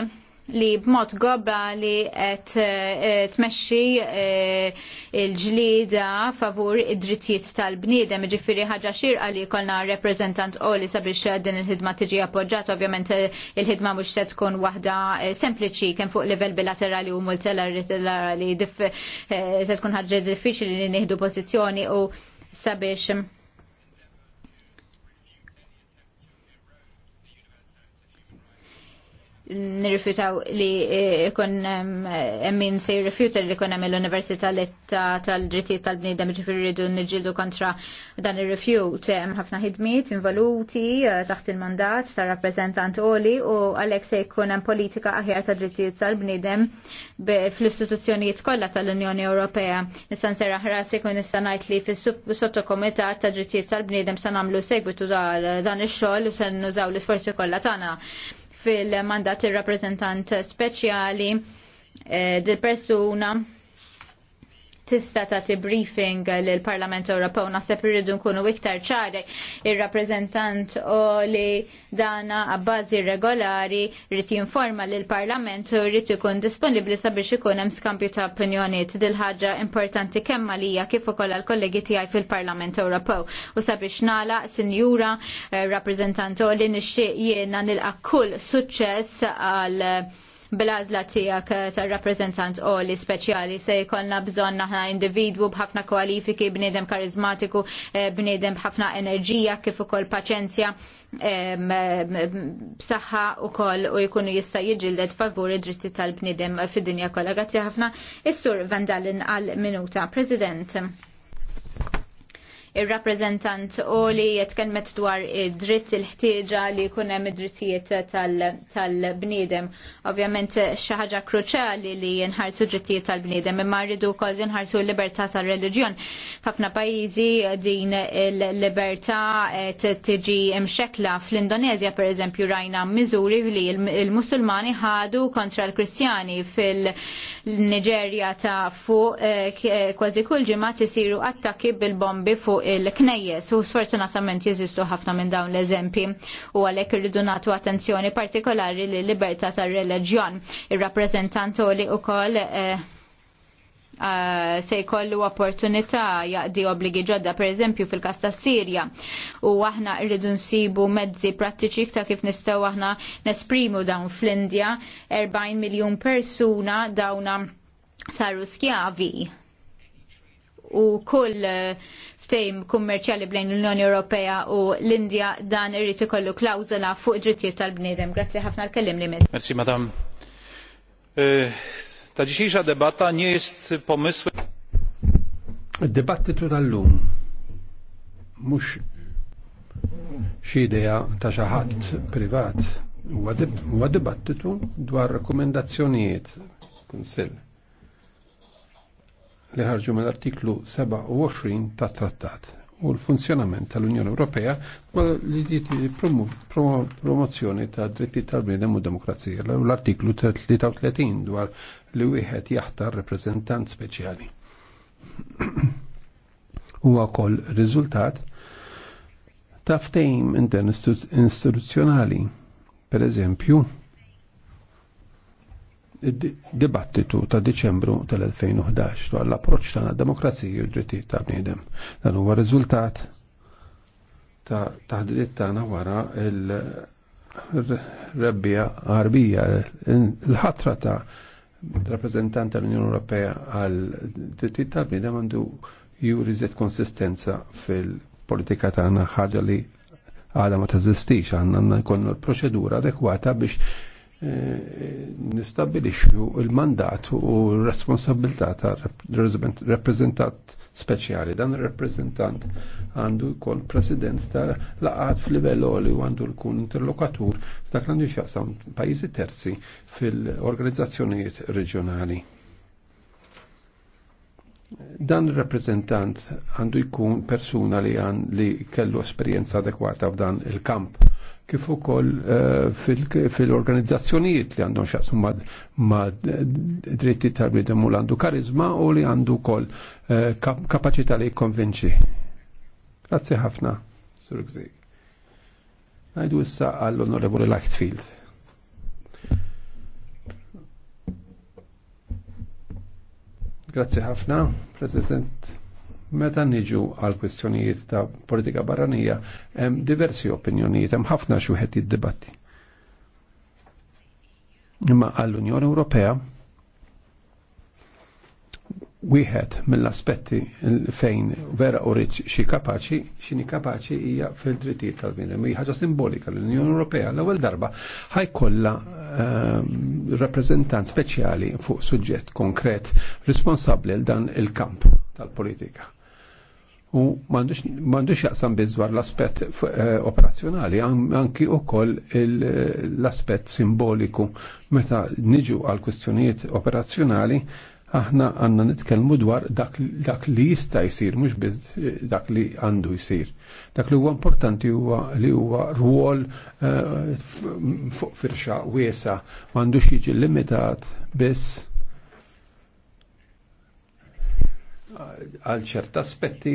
li b'mod globali qed eh, eh, tmexxi eh, l-ġlieda favur id-drittijiet tal-bniedem, ġifieri ħaġa xirqa li jkollna rappreżentant qoli sabiex din il-ħidma tiġi appoġġjat, ovvjament il-ħidma mhux se tkun waħda sempliċi kemm fuq livell bilaterali u multilaterali se tkun ħaġa diffiċli li nieħdu pożizzjoni u sabiex nirrifjutaw li eh, kon min se jirrifjuta li emmin l università li tal-drittijiet tal-bnidem ġifiri rridu nġildu kontra dan ir-rifjut. Hemm ħafna involuti eh, taħt il-mandat ta' rappresentant oli u għalek se jkun hemm politika aħjar ta' drittijiet tal-bnidem fl-istituzzjonijiet kollha tal-Unjoni Ewropea. Nista' nserraħ se jkun nista' ngħid li fis-sottokomitat ta' drittijiet tal-bniedem se nagħmlu segwitu dan ix-xogħol u se nużaw l-isforzi kollha tagħna fil-mandat ir rappreżentant speċjali eh, persuna tista' tagħti briefing lill parlament Ewropew naħseb irridu nkunu iktar ċari ir-rappreżentant u li dana abbażi regolari rrid jinforma lill parlament u rrid ikun disponibbli sabiex ikun hemm skambju ta' opinjonijiet dil ħaġa importanti kemm għalija kif ukoll għall-kollegi tiegħi fil-Parlament Ewropew u sabiex nagħlaq sinjura eh, rappreżentant u li nixtieq jiena nilqa' kull suċċess għal bil-għażla tiegħek eh, tar-rappreżentant li speċjali se jkollna bżonn aħna individwu b'ħafna kwalifiki, bniedem karizmatiku, eh, bniedem b'ħafna enerġija kif ukoll paċenzja b'saħħa koll u jkunu jista' jġildet favur id-dritti tal-bniedem fid-dinja kollha. Grazzi ħafna. Is-sur Vandalin għal minuta. President il-rappresentant u li jetkenmet dwar id-dritt il-ħtieġa li kunem id-drittijiet tal-bnidem. Tal Ovvjament xaħġa kruċali li nħarsu drittijiet tal-bnidem, imma rridu kol nħarsu l-libertà tal-reġjon. F'ħafna pajjiżi din il-libertà tiġi imxekla fl-Indonezja per eżempju rajna miżuri li il-Musulmani ħadu kontra l-Kristjani fil-Niġerja ta' fuq eh, kważi kull ġimgħa tisiru attakki bil-bombi fuq il-knejjes u sfortunatament jeżistu ħafna minn dawn l-eżempi u għalhekk irridu nagħtu attenzjoni partikolari li libertà tar-reliġjon. Ir-rappreżentant li wkoll Uh, eh, eh, se jkollu opportunità jaqdi obbligi ġodda per eżempju fil-kas ta' Sirja u aħna rridu nsibu mezzi prattiċi ta' kif nistgħu aħna nesprimu dawn fl-Indja 40 miljun persuna dawna saru skjavi u kull ftejm kummerċjali bejn l-Unjoni Ewropea u l-Indja dan irrid ikollu klawżola fuq id-drittijiet tal-bniedem. Grazzi ħafna l-kellim li mis. Merci madam. Eh, ta' dzisiejsza debatta nie jest id debattitu tal-lum mhux xi idea ta' xi ħadd privat huwa dibattitu dwar rakkomendazzjonijiet kunsill li ħarġu mill-artiklu 27 ta' trattat u l-funzjonament tal-Unjoni Ewropea li jieti promozzjoni ta' dritti tal bnidem u demokrazija u l-artiklu 33 dwar li wieħed jaħtar reprezentant speċjali. Huwa wkoll riżultat ta' ftehim interinstituzzjonali. Per eżempju, dibattitu ta' Deċembru tal-2011 dwar l-approċċ tagħna demokrazija u d-drittijiet ta' bniedem. Dan huwa riżultat ta' taħdiet tagħna wara l rebbija għarbija l-ħatra ta' rappresentant tal-Unjoni Ewropea għal drittijiet ta' bniedem għandu juri juriżet konsistenza fil-politika tagħna ħaġa li għadha ma tażistix għandna jkollna l-proċedura adekwata biex Eh, nistabilixxu il-mandat u r-responsabilità ta' reprezentant speċjali. Dan ir għandu kol president ta' laqgħat f'livell u għandu jkun interlokatur f'dak l għandu xaqsam pajjiżi terzi fil-organizzazzjonijiet reġjonali. Dan ir għandu jkun persuna li li kellu esperjenza adekwata f'dan il-kamp kif ukoll eh, fil-organizzazzjonijiet li għandhom xaqsu ma' dritti tal bidem u għandu karizma u li għandu wkoll eh, kapaċità li jikkonvinċi. Grazzi ħafna, Sur Gżig. Najdu issa għall-Onorevoli Lightfield. Grazzi ħafna, President Meta niġu għal kwistjonijiet ta' politika barranija, hemm diversi opinjonijiet, hemm ħafna xi wieħed jiddibatti. Imma għall-Unjoni Ewropea wieħed mill-aspetti fejn vera u rich xi kapaċi, xini kapaċi hija fil-drittijiet tal-bniedem. Hija ħaġa simbolika l-Unjoni Ewropea l-ewwel darba ħajkollha ehm, rappreżentant speċjali fuq suġġett konkret responsabbli l dan il-kamp tal-politika u m'għandux jaqsam bizwar l-aspett eh, operazzjonali, anki koll l-aspett simboliku. Meta niġu għal kwistjonijiet operazzjonali, aħna għanna nitkellmu dwar dak, dak li jista' jsir, mhux biss eh, dak li għandu jsir. Dak li huwa importanti huwa li huwa rwol uh, fuq firxa wiesa m'għandux jiġi limitat biss għal ċert aspetti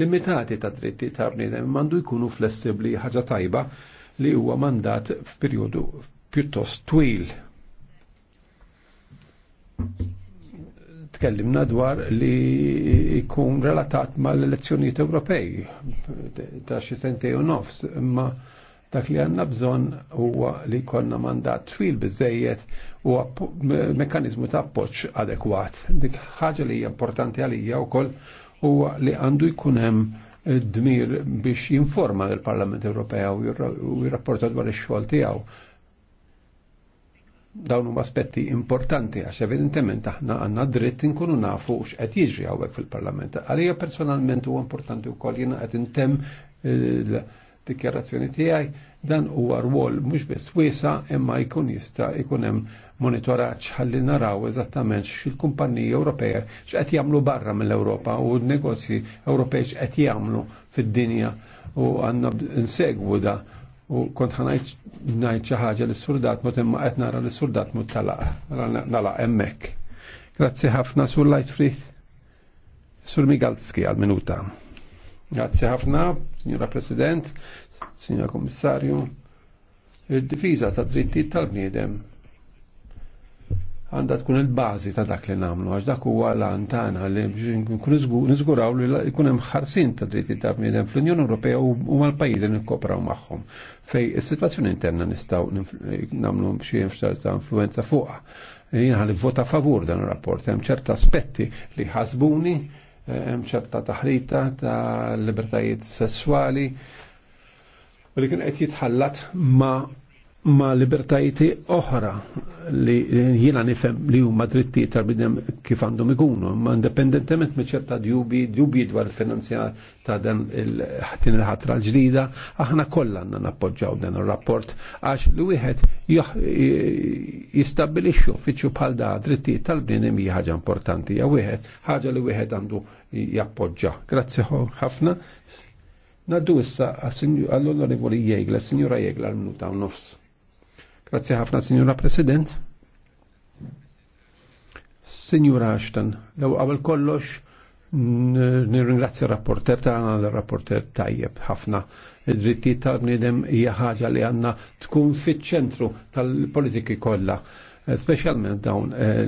limitati ta' dritti ta' bnidem mandu jkunu flessibli ħaġa tajba li huwa mandat f'perjodu pjuttost twil. Tkellimna dwar li jkun relatat mal-elezzjonijiet Ewropej ta' xi sentejn u nofs, imma Dak li għanna bżon huwa li konna mandat twil bizzejiet u mekanizmu ta' appoċ adekwat. Dik ħaġa li hija importanti għalija wkoll huwa li għandu jkun hemm dmir biex jinforma l-Parlament Ewropea u jirrapporta dwar ix-xogħol tiegħu. Dawn huma aspetti importanti għax evidentement aħna għandna dritt inkunu nafu x'qed jiġri hawnhekk fil-Parlament. Għalija personalment huwa importanti wkoll jiena qed intemm eh, dikjarazzjoni tiegħi dan huwa rwol mhux biss wiesa imma jkun jista' jkun hemm monitoraġġ ħalli naraw eżattament xil kumpanniji Ewropea x'qed jagħmlu barra mill-Ewropa u n-negozji Ewropej x'qed jagħmlu fid-dinja u għandna insegwu da u kont ħanajt najt xi ħaġa li surdat mut imma qed nara l surdat mut talaq nalaq hemmhekk. Grazzi ħafna sur Lightfried. Sur Migalski għal minuta. Grazzi ħafna, Signora President, Signora Kommissarju, il-difiża ta' drittijiet tal-bniedem għandha tkun il-bażi ta' dak li nagħmlu għax dak huwa lan tagħna li niżguraw li jkun hemm ħarsin ta' drittijiet tal-bniedem fl-Unjoni Ewropea u mal-pajjiżi nikkopraw magħhom fej is-sitwazzjoni interna nistgħu nagħmlu xi ta' influenza fuqha. Jien ħalli vota favur dan ir-rapport, hemm ċerta aspetti li ħasbuni hemm ċerta taħrita ta' libertajiet sessuali u li kien qed jitħallat ma' ma libertajiet oħra li jiena nifhem li huma drittijiet tal-bidem kif għandhom ikunu, ma indipendentement me ċerta djubi, djubi dwar il finanzja ta' dan il-ħatin il-ħatra ġdida, aħna kollha għandna nappoġġaw dan ir-rapport għax li wieħed jistabbilixxu fiċċju bħal da drittijiet tal-bniedem hija ħaġa importanti, hija wieħed ħaġa li wieħed għandu jappoġġa. Grazzi ħafna. Naddu issa għall-onorevoli Jegla, signora Jegla, l-minuta u nofs. Grazzi ħafna, Signora President. Signora Ashton, law qabel kollox nirringrazzja rapporter għana l-rapporter tajjeb ħafna. Id-drittijiet tal-bniedem hija ħaġa li għandna tkun fiċ-ċentru tal-politiki kollha specialment dawn eh,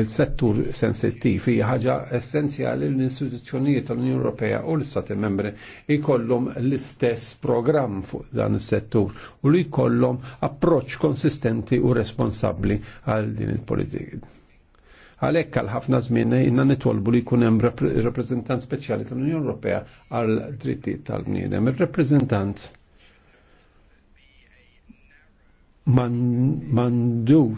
il-settur sensittiv hija ħaġa essenzjali l-istituzzjonijiet tal-Unjoni Ewropea u l-Istati membri jkollhom l-istess programm fuq dan is-settur u li jkollhom approċċ konsistenti u responsabbli għal din il-politika. Għalhekk għal ħafna żmien inna nitolbu li jkun hemm rappreżentant speċjali tal-Unjoni Ewropea għal drittijiet tal-bniedem. Ir-rappreżentant mandux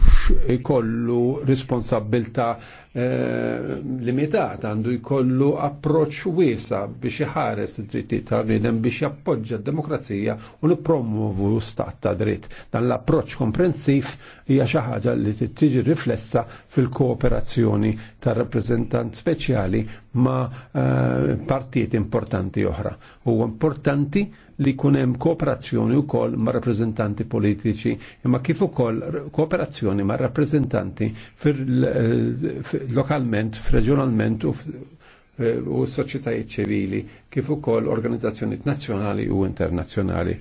ikollu responsabilta Eh, limitat, għandu jkollu approċ wiesa biex jħares id-drittijiet tal-bniedem biex jappoġġa d-demokrazija u nippromovu stat ta' dritt. Dan l-approċ komprensiv hija xi ħaġa li tiġi riflessa fil-kooperazzjoni tar rappreżentant speċjali ma' eh, partijiet importanti oħra. U importanti li kunem kooperazzjoni u ma' rappresentanti politiċi, imma kif ukoll kooperazzjoni ma' rappresentanti fil eh, lokalment, reġjonalment u eh, u s-soċjetajiet ċivili kif ukoll organizzazzjonijiet nazzjonali u internazzjonali.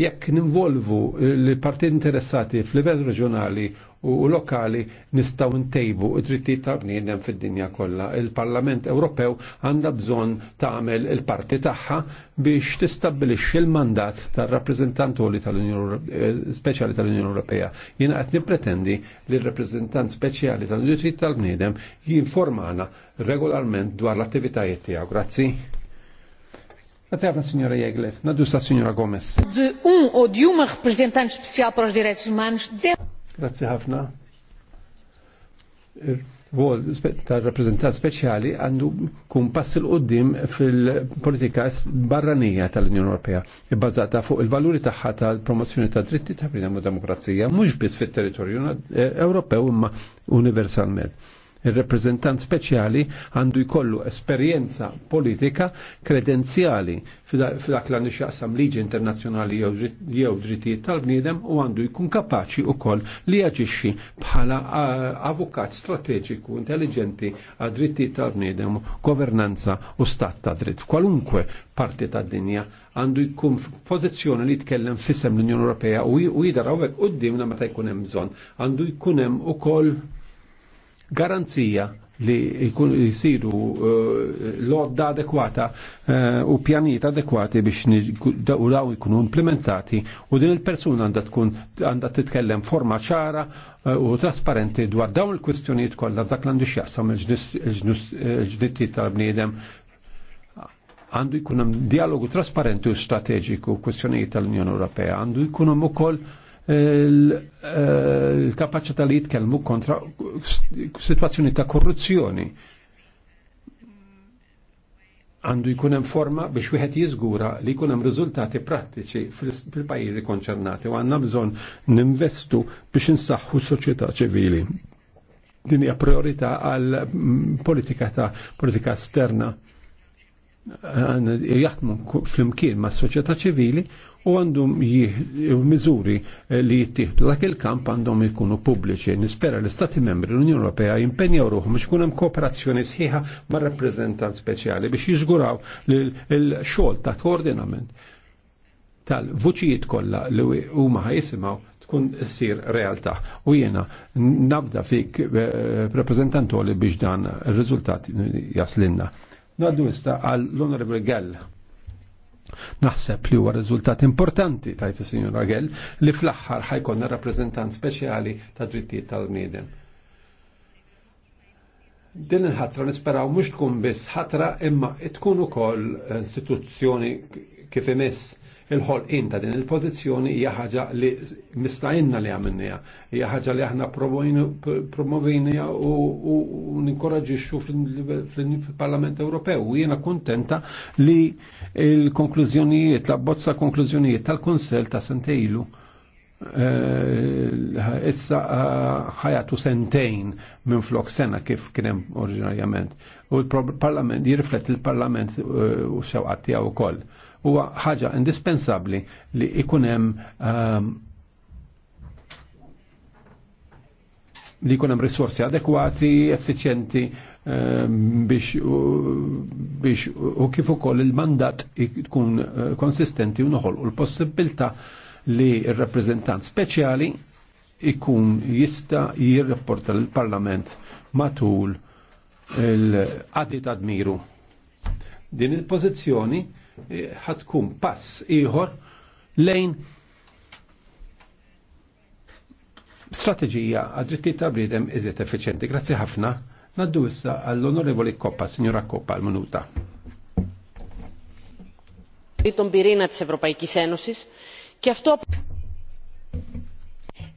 Jekk ninvolvu l-partit interessati f'livell reġjonali u lokali nistaw ntejbu u drittijiet tal-bniedem fid-dinja kollha. Il-Parlament Ewropew għandha bżonn tagħmel il-parti tagħha biex tistabbilixxi l-mandat tar-rappreżentanturi tal-Unjoni eh, Speċjali tal-Unjoni Ewropea. Jiena qed nippretendi li r-rappreżentant speċjali tal-drittijiet tal-bniedem jinformana regolarment dwar l-attivitajiet tiegħu. Grazzi. Grazie a signora Jegler. Nadu sta signora Gomez. un o di uma representante special para os Grazzi ħafna. Wol tal rappresentant speċjali għandu kun pass il qoddim fil-politika barranija tal-Unjoni Ewropea, ibbażata fuq il-valuri tagħha tal-promozzjoni ta' dritti ta' u demokrazija, mhux biss fit-territorju e- Ewropew imma universalment. Il-reprezentant speċjali għandu jkollu esperjenza politika kredenzjali f'dak l xaqsam liġi internazzjonali jew drittijiet tal-bniedem u għandu jkun kapaċi koll li jaġixxi bħala avukat strateġiku intelligenti għad drittijiet tal-bniedem, governanza u stat ta' dritt. Kwalunkwe parti tad-dinja għandu jkun pozizjoni li jitkellem fissem l-Unjoni Ewropea u u d-dimna meta jkun hemm bżonn. Għandu jkun hemm ukoll garanzija li jkun jisiru eh, lodda adekwata eh, u pjanijiet adekwati biex daw jkunu implementati u din il-persuna għandha tkun għandha titkellem forma ċara eh, u trasparenti dwar dawn il-kwistjonijiet kollha dak l-għandu x'jaqsam il-ġditti tal-bniedem għandu jkun hemm dialogu trasparenti u strateġiku kwistjonijiet tal-Unjoni Ewropea, għandu jkun hemm ukoll il-kapacità li jitkellmu kontra situazzjoni ta' korruzzjoni. Għandu jkun hemm forma biex wieħed jiżgura li jkun hemm riżultati prattiċi fil-pajjiżi konċernati u għandna bżonn ninvestu biex insaħħu s-soċjetà ċivili. Din hija priorità għal politika ta' politika esterna jaħdmu fl-imkien ma' soċjetà ċivili u għandhom miżuri eh, li jittieħdu dak il-kamp għandhom ikunu pubbliċi. Nispera l istati membri l-Unjoni Ewropea jimpenjaw ruħhom biex ikun hemm kooperazzjoni sħiħa mar rappreżentant speċjali biex jiżguraw l-xogħol ta' koordinament tal-vuċijiet kollha li huma ħajsimgħu tkun issir realtà. U jiena nabda fik eh, rappreżentantu biex dan ir-riżultat jaslinna. Naddu issa għal l-Onorevole Gell. Naħseb li huwa riżultat importanti tajt is-Sinjur Gell li fl-aħħar ħajkonna rappreżentant speċjali ta' drittijiet tal-bniedem. Din il-ħatra nisperaw mhux tkun biss ħatra imma tkun ukoll istituzzjoni kif imiss il-ħolqin ta' din il-pożizzjoni hija ħaġa li mistajinna li għamilniha, hija ħaġa li aħna promovinija u ninkoraġixxu fil-Parlament Ewropew. U jiena kuntenta li l-konklużjonijiet, l-abbozza konklużjonijiet tal-Kunsell ta' sentejlu eh, issa eh, ħajatu sentejn minn flok sena kif kienem oriġinarjament. U l-parlament, jirriflet eh, il-parlament u xewqat tiegħu ukoll huwa ħaġa indispensabbli li ikun hemm ehm, li jkun hemm risorsi adekwati, effiċjenti ehm, biex u kif ukoll il-mandat ikun eh, konsistenti u noħol u l-possibilità li r-rappreżentant speċjali ikun jista jirrapporta l-Parlament matul il-qadi admiru Din il-pozizjoni ħatkun pass ieħor lejn strateġija għad ta' bridem iżiet effiċenti. Grazie ħafna. Naddu issa għall-Onorevoli Koppa, Signora Koppa, l-minuta. Itom birina t-Evropajki Senusis, kjaftop...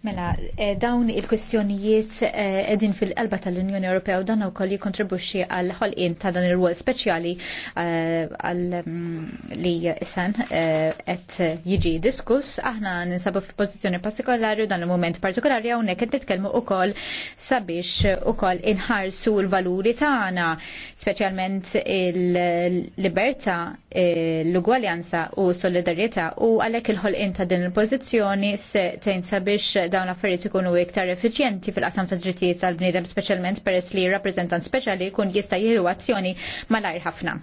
Mela, eh, dawn il-kwestjonijiet eh, edin fil-qalba tal-Unjoni Ewropea u dan wkoll jikkontribwixxi għal ħolqien ta' dan il-wol speċjali eh, għal mm, li jisan qed jiġi diskuss. Aħna ninsabu f'pożizzjoni partikolari u dan il-mument partikolari hawnhekk qed nitkellmu wkoll sabiex ukoll inħarsu l-valuri tagħna, speċjalment il-libertà, l-ugwaljanza u solidarieta u għalhekk il-ħolqien ta' din il-pożizzjoni se tgħin sabiex dawn affarijiet ikunu iktar effiċjenti fil-qasam ta' drittijiet tal-bniedem speċjalment peress li rappreżentant speċjali jkun jista' jieħu azzjoni malajr ħafna.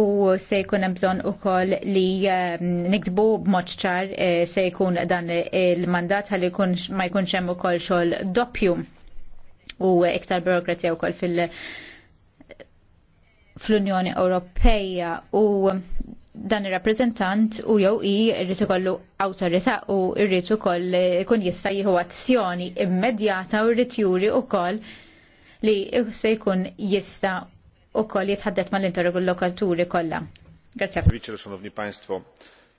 U se jkun hemm bżonn ukoll li ehm, nikdbu b'mod ċar eh, se jkun dan il-mandat ħalli ma jkunx hemm ukoll xogħol doppju u iktar burokrazija wkoll fil- fl-Unjoni Ewropeja u dan il rappreżentant u jew i rritu kollu autorita u rritu ukoll kun jista' jihu azzjoni immedjata u rrid juri u koll li se jkun jista' u ukoll jitħaddet l interlokuturi kolla. Grazie. Szanowni Państwo,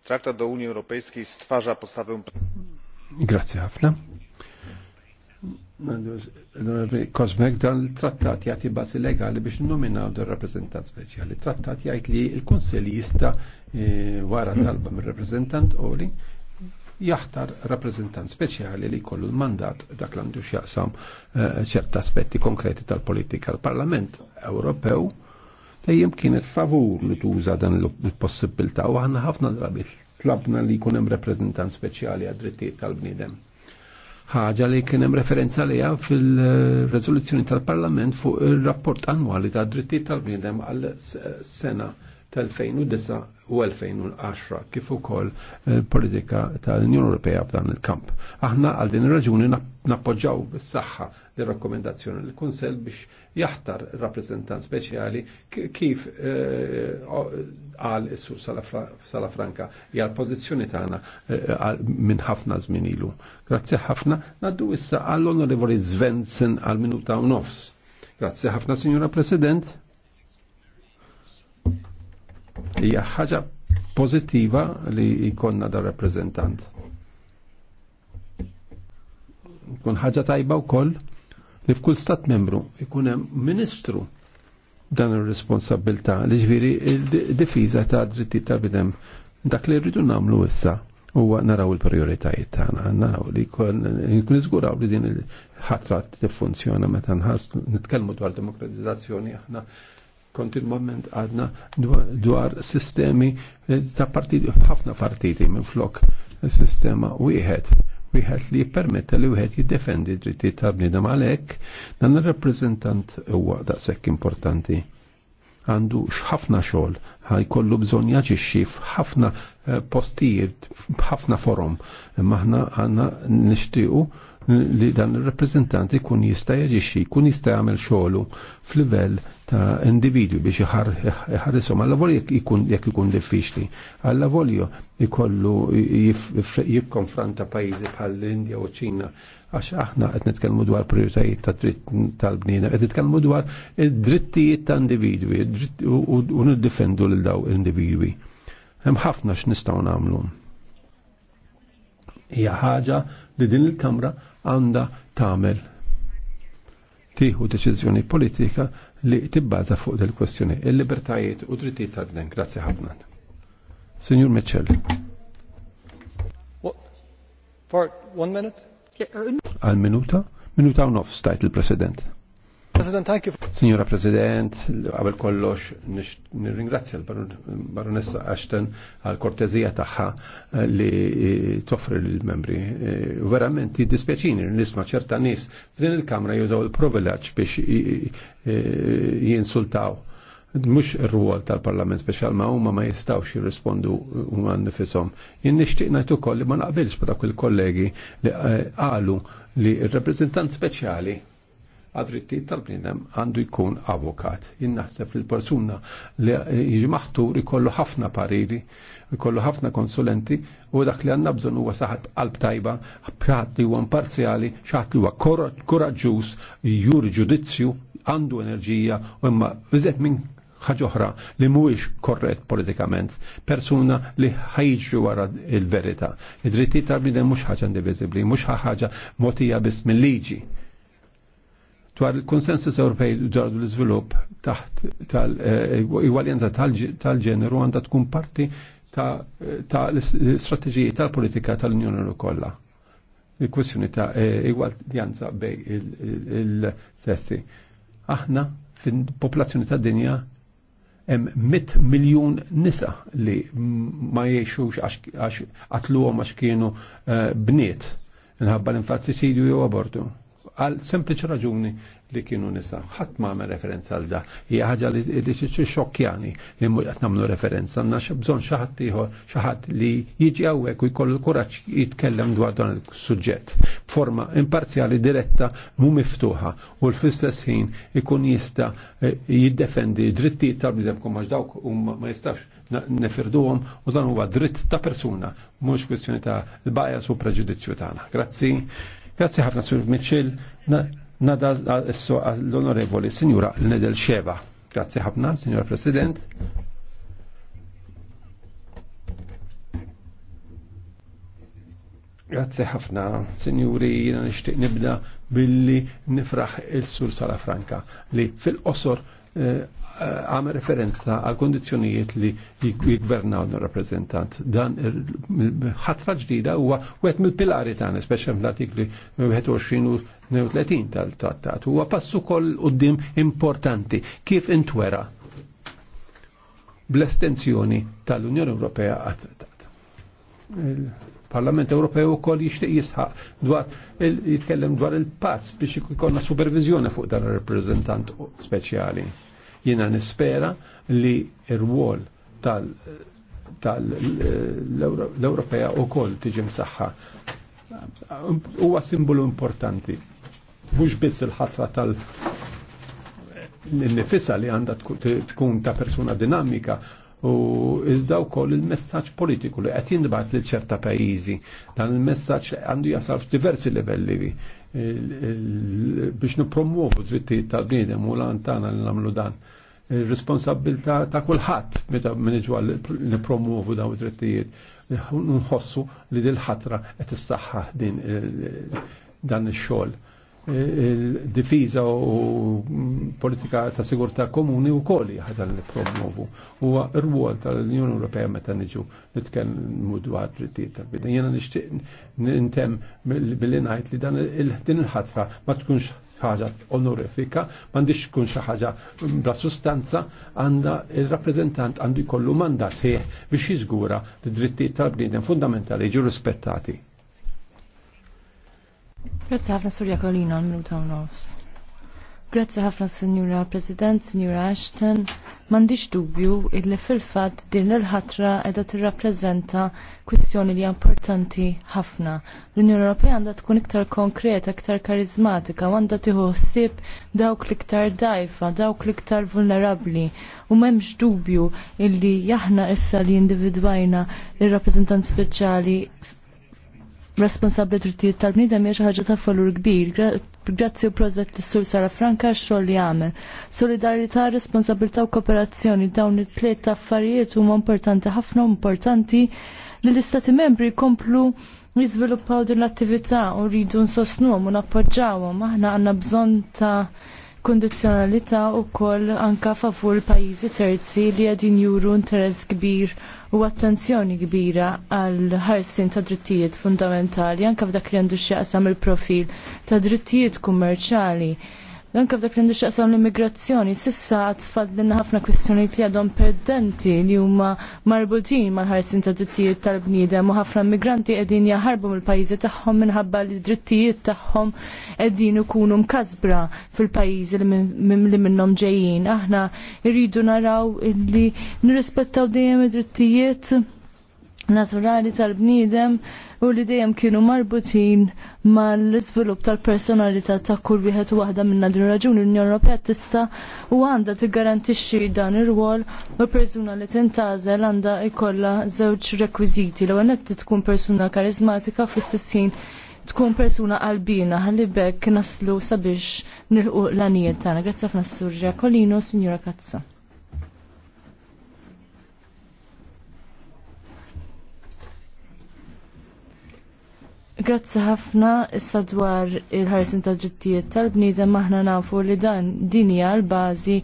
Traktat do Unii Europejskiej stwarza podstawę... Grazie ħafna. Kosmek dan il-trattat jagħti bażi legali biex nominaw dar rappreżentant speċjali. Trattat jgħid li l-Kunsell jista' eh, wara talba mir-rappreżentant Oli jaħtar rappreżentant speċjali li jkollu l-mandat dak l-għandu x'jaqsam eh, ċerta aspetti konkreti tal-politika. L-Parlament Ewropew dejjem kienet favur li tuża dan il-possibilità u aħna ħafna drabi tlabna li jkun hemm speċjali għad-drittijiet tal-bniedem ħaġa li kien hemm referenza liha fil-rezoluzzjoni tal-Parlament fuq ir-rapport annwali ta' drittijiet tal-bniedem għal sena tal-2009 u 2010 kif ukoll eh, politika tal-Unjoni Ewropea f'dan il-kamp. Aħna għal din ir-raġuni nappoġġaw bis-saħħa dir-rakkomendazzjoni l-Kunsell biex jaħtar rappresentant speċjali kif eh, għal is-sur Salafranka hija l-pożizzjoni tagħna eh, minn ħafna żmien ilu. Grazzi ħafna, naddu issa għall-Onorevoli Svensen għal minuta u nofs. Grazzi ħafna, Signora President. Hija ħaġa pozittiva li jkollna da rappreżentant. Kun ħaġa tajba wkoll li f'kull stat membru ikun hemm ministru dan ir-responsabilità li ġifieri d-difiża ta' drittijiet tal-bidem. Dak li rridu nagħmlu issa huwa naraw il prijoritajiet tagħna naraw li jkun iżguraw li din il-ħatra tiffunzjona meta nħass nitkellmu dwar demokratizzazzjoni aħna kontinwament għadna dwar sistemi ta' partiti, ħafna partiti minn flok sistema wieħed wieħed li jippermetta li wieħed jiddefendi d dritti ta' bniedem għalhekk dan ir-rappreżentant huwa daqshekk importanti għandu x'ħafna xogħol, ħajkollu bżonn jaġixxi f'ħafna eh, postijiet, f'ħafna forum. Imma aħna għandna nixtiequ li dan il-rappresentant ikun jista' jerixxi, jkun jista' jagħmel xogħlu f'livell ta' individwi biex jħarrisom. Alla volja ikun jekk ikun diffiċli. Alla volja ikollu jikkonfranta pajjiżi bħal l-Indja u ċina għax aħna qed nitkellmu dwar prijoritajiet ta' dritt tal-bniena, qed nitkellmu dwar id-drittijiet ta' individwi u niddifendu lil daw individwi. Hemm ħafna x'nistgħu nagħmlu. Hija ħaġa li din il-Kamra għanda tagħmel tieħu deċiżjoni politika li tibbaza fuq il kwestjoni il-libertajiet u drittijiet tad-den. Grazie ħafna. Signor Mitchell. For one minute? Uh, Għal minuta? Minuta u nofs tajt il-President. President, thank you. Signora President, għabel kollox nirringrazzja l-Baronessa Ashton għal kortezija taħħa eh, li eh, toffri l-membri. Eh, verament, dispjaċini nisma ċerta nis f'din il-Kamra jużaw il-privileġġ biex jinsultaw. Mux r-ruol tal-Parlament speċjal ma' huma ma jistawx jirrispondu huma nifisom. Jien nixtieq ngħid ukoll li ma naqbilx ma' dak il-kollegi li qalu li r-reprezentant speċjali għadritti tal bnidem għandu jkun avokat. Innaħseb li l-persuna li jiġi maħtur ikollu ħafna pariri, ikollu ħafna konsulenti u dak li għanna bżon huwa saħat qalb tajba, xaħat li huwa imparzjali, xaħat li huwa koraġġuż, juri ġudizzju, għandu enerġija u imma iżet minn ħagħuħra li mhuwiex korrett politikament, persuna li ħajġu wara il-verità. Id-dritti tal bnidem mhux ħaġa indivizibbli, mhux ħaġa motija biss mill-liġi dwar il-konsensus Ewropej dwar l-iżvilupp taħt tal-igwaljenza tal-ġeneru għandha tkun parti ta' l-istrateġiji tal-politika tal-Unjoni kollha. Il-kwestjoni ta' igwaljenza bej il-sessi. Aħna fin-popolazzjoni tad-dinja hemm 100 miljun nisa li ma jiexux għax għax kienu eh, bniet minħabba l-infatti sidju jew abortu għal sempliċi raġuni li kienu nisa. Ħadd ma għamel referenza għal da. Hija ħaġa li xi xokkjani li mhux qed nagħmlu referenza. Għandna xi bżonn xi ħadd ieħor xi ħadd li jiġi hawnhekk u jkollu l-kuraġġ jitkellem dwar dan il-suġġett b'forma imparzjali diretta mu miftuħa u l-fistess ħin ikun jista' eh, jiddefendi drittijiet tal-bniedem kum għax dawk u ma jistax nefirduhom u dan huwa dritt ta' persuna, mhux kwestjoni ta' l-bajas u preġudizzju tagħna. Grazzi. Grazzi ħafna Sur Mitchell, nadal l-onorevoli Signora Nedel Xeva. Grazzi ħafna, Signora President. Grazzi ħafna, Signori, jina nishtiq nibda billi nifraħ il-Sur Sala Franka li fil-qosor għam referenza għal kondizjonijiet li jikvernaw na rappresentant Dan ħatra ġdida huwa għet mill-pilari tagħna, speċa l-artikli 21 30 tal-trattat. Huwa passu koll dim importanti kif intwera bl-estensjoni tal-Unjoni Ewropea għat-trattat. Parlament Ewropew ukoll jixtieq jisħaq dwar jitkellem dwar il-pass biex ikollna supervizjoni fuq dan ir-rappreżentant speċjali. Jiena nispera li r-wol tal-Ewropea u koll tiġi msaħħa. Huwa simbolu importanti. Mhux biss il-ħatra tal- l li għandha tkun ta' persuna dinamika u iżda wkoll il-messaġġ politiku li qed jinbagħat lil ċerta pajjiżi. Dan il-messaġġ għandu jasal f'diversi livelli biex nipromuovu drittijiet tal-bniedem u lan tagħna li nagħmlu dan. Ir-responsabilità ta' kulħadd meta minġwa nipromuovu dawn id-drittijiet. Nħossu li dil-ħatra qed issaħħaħ din dan ix-xogħol difiża u politika ta' sigurtà komuni wkoll li jaħdan li Huwa r wol tal-Unjoni Ewropea meta niġu nitkellmu dwar drittijiet tal-bidna. Jiena nixtieq ntemm billi ngħid li dan din il-ħatra ma tkunx ħaġa onorifika, m'għandix tkun xi ħaġa mm, bla sustanza, għandha il-rappreżentant għandu jkollu mandat ħieħ biex jiżgura li drittijiet tal-bniedem fundamentali ġu rispettati. Grazzi ħafna Surja Kolina minuta u nofs. Grazzi ħafna Signora President, Signora Ashton m'għandix dubju illi fil-fatt din il-ħatra qiegħda tirrappreżenta kwistjoni li importanti ħafna. L-Unjoni Ewropea għandha tkun iktar konkreta, iktar karizmatika, għandha tieħu ħsieb dawk l-iktar dajfa, dawk l-iktar vulnerabbli. U m'hemmx dubju illi aħna issa li individwajna ir-rappreżentant speċjali responsabbli drittijiet tal-bniedem hija xi ħaġa ta' falur kbir. Grazzi u prożett l-Sur Sara Franka xogħol li għamel. Solidarita, responsabilità u kooperazzjoni dawn it-tliet affarijiet huma importanti ħafna importanti li l-Istati membri jkomplu jizviluppaw din l-attività u rridu nsostnuhom u nappoġġawhom. Aħna għandna bżonn ta' kondizjonalità u koll anka favur pajizi terzi li għedin juru interess kbir u attenzjoni kbira għal ħarsin ta' drittijiet fundamentali anke f'dak li għandu x'jaqsam il-profil ta' drittijiet kummerċali. Anke f'dak li għandu x'jaqsam l-immigrazzjoni, sissa tfadlilna ħafna kwestjoni li għadhom perdenti li huma marbutin mal-ħarsin ta' drittijiet tal-bniedem u ħafna immigranti qegħdin jaħarbu mill-pajjiżi tagħhom minħabba li drittijiet tagħhom qegħdin ikunu mkasbra fil-pajjiżi li minnhom ġejjin. Aħna rridu naraw li nirrispettaw dejjem id-drittijiet naturali tal-bniedem u li dejjem kienu marbutin mal-iżvilupp tal-personalità ta' kull wieħed u waħda minna din raġuni l-Unjoni Ewropea tista' u għandha tiggarantixxi dan ir-rwol u persuna li tintgħażel għandha jkollha żewġ rekwiżiti l ewwel qed tkun persuna karizmatika fl-istess tkun persuna qalbina ħalli bekk naslu sabiex nilqu l-anijiet tagħna. Grazzi ħafna s-Surġa Kolino, Sinjura Kazza. Grazzi ħafna issa dwar il-ħarsin tal ġittijiet tal-bniedem aħna nafu li dan din hija l-bażi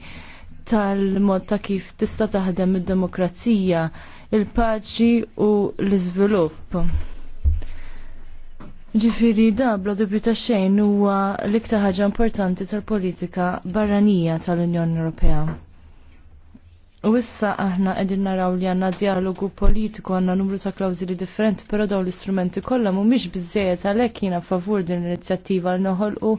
tal-mod ta' kif tista' taħdem id-demokrazija, il-paċi u l-iżvilupp. Ġifiri da bla dubju ta' xejn huwa l-iktar ħaġa importanti tal-politika barranija tal-Unjoni Ewropea. U issa aħna qegħdin naraw li għandna dialogu politiku għandna numru ta' klawżili differenti, però dawn l-istrumenti kollha mhumiex biżejjed għalhekk jiena favur din l-inizjattiva li noħolqu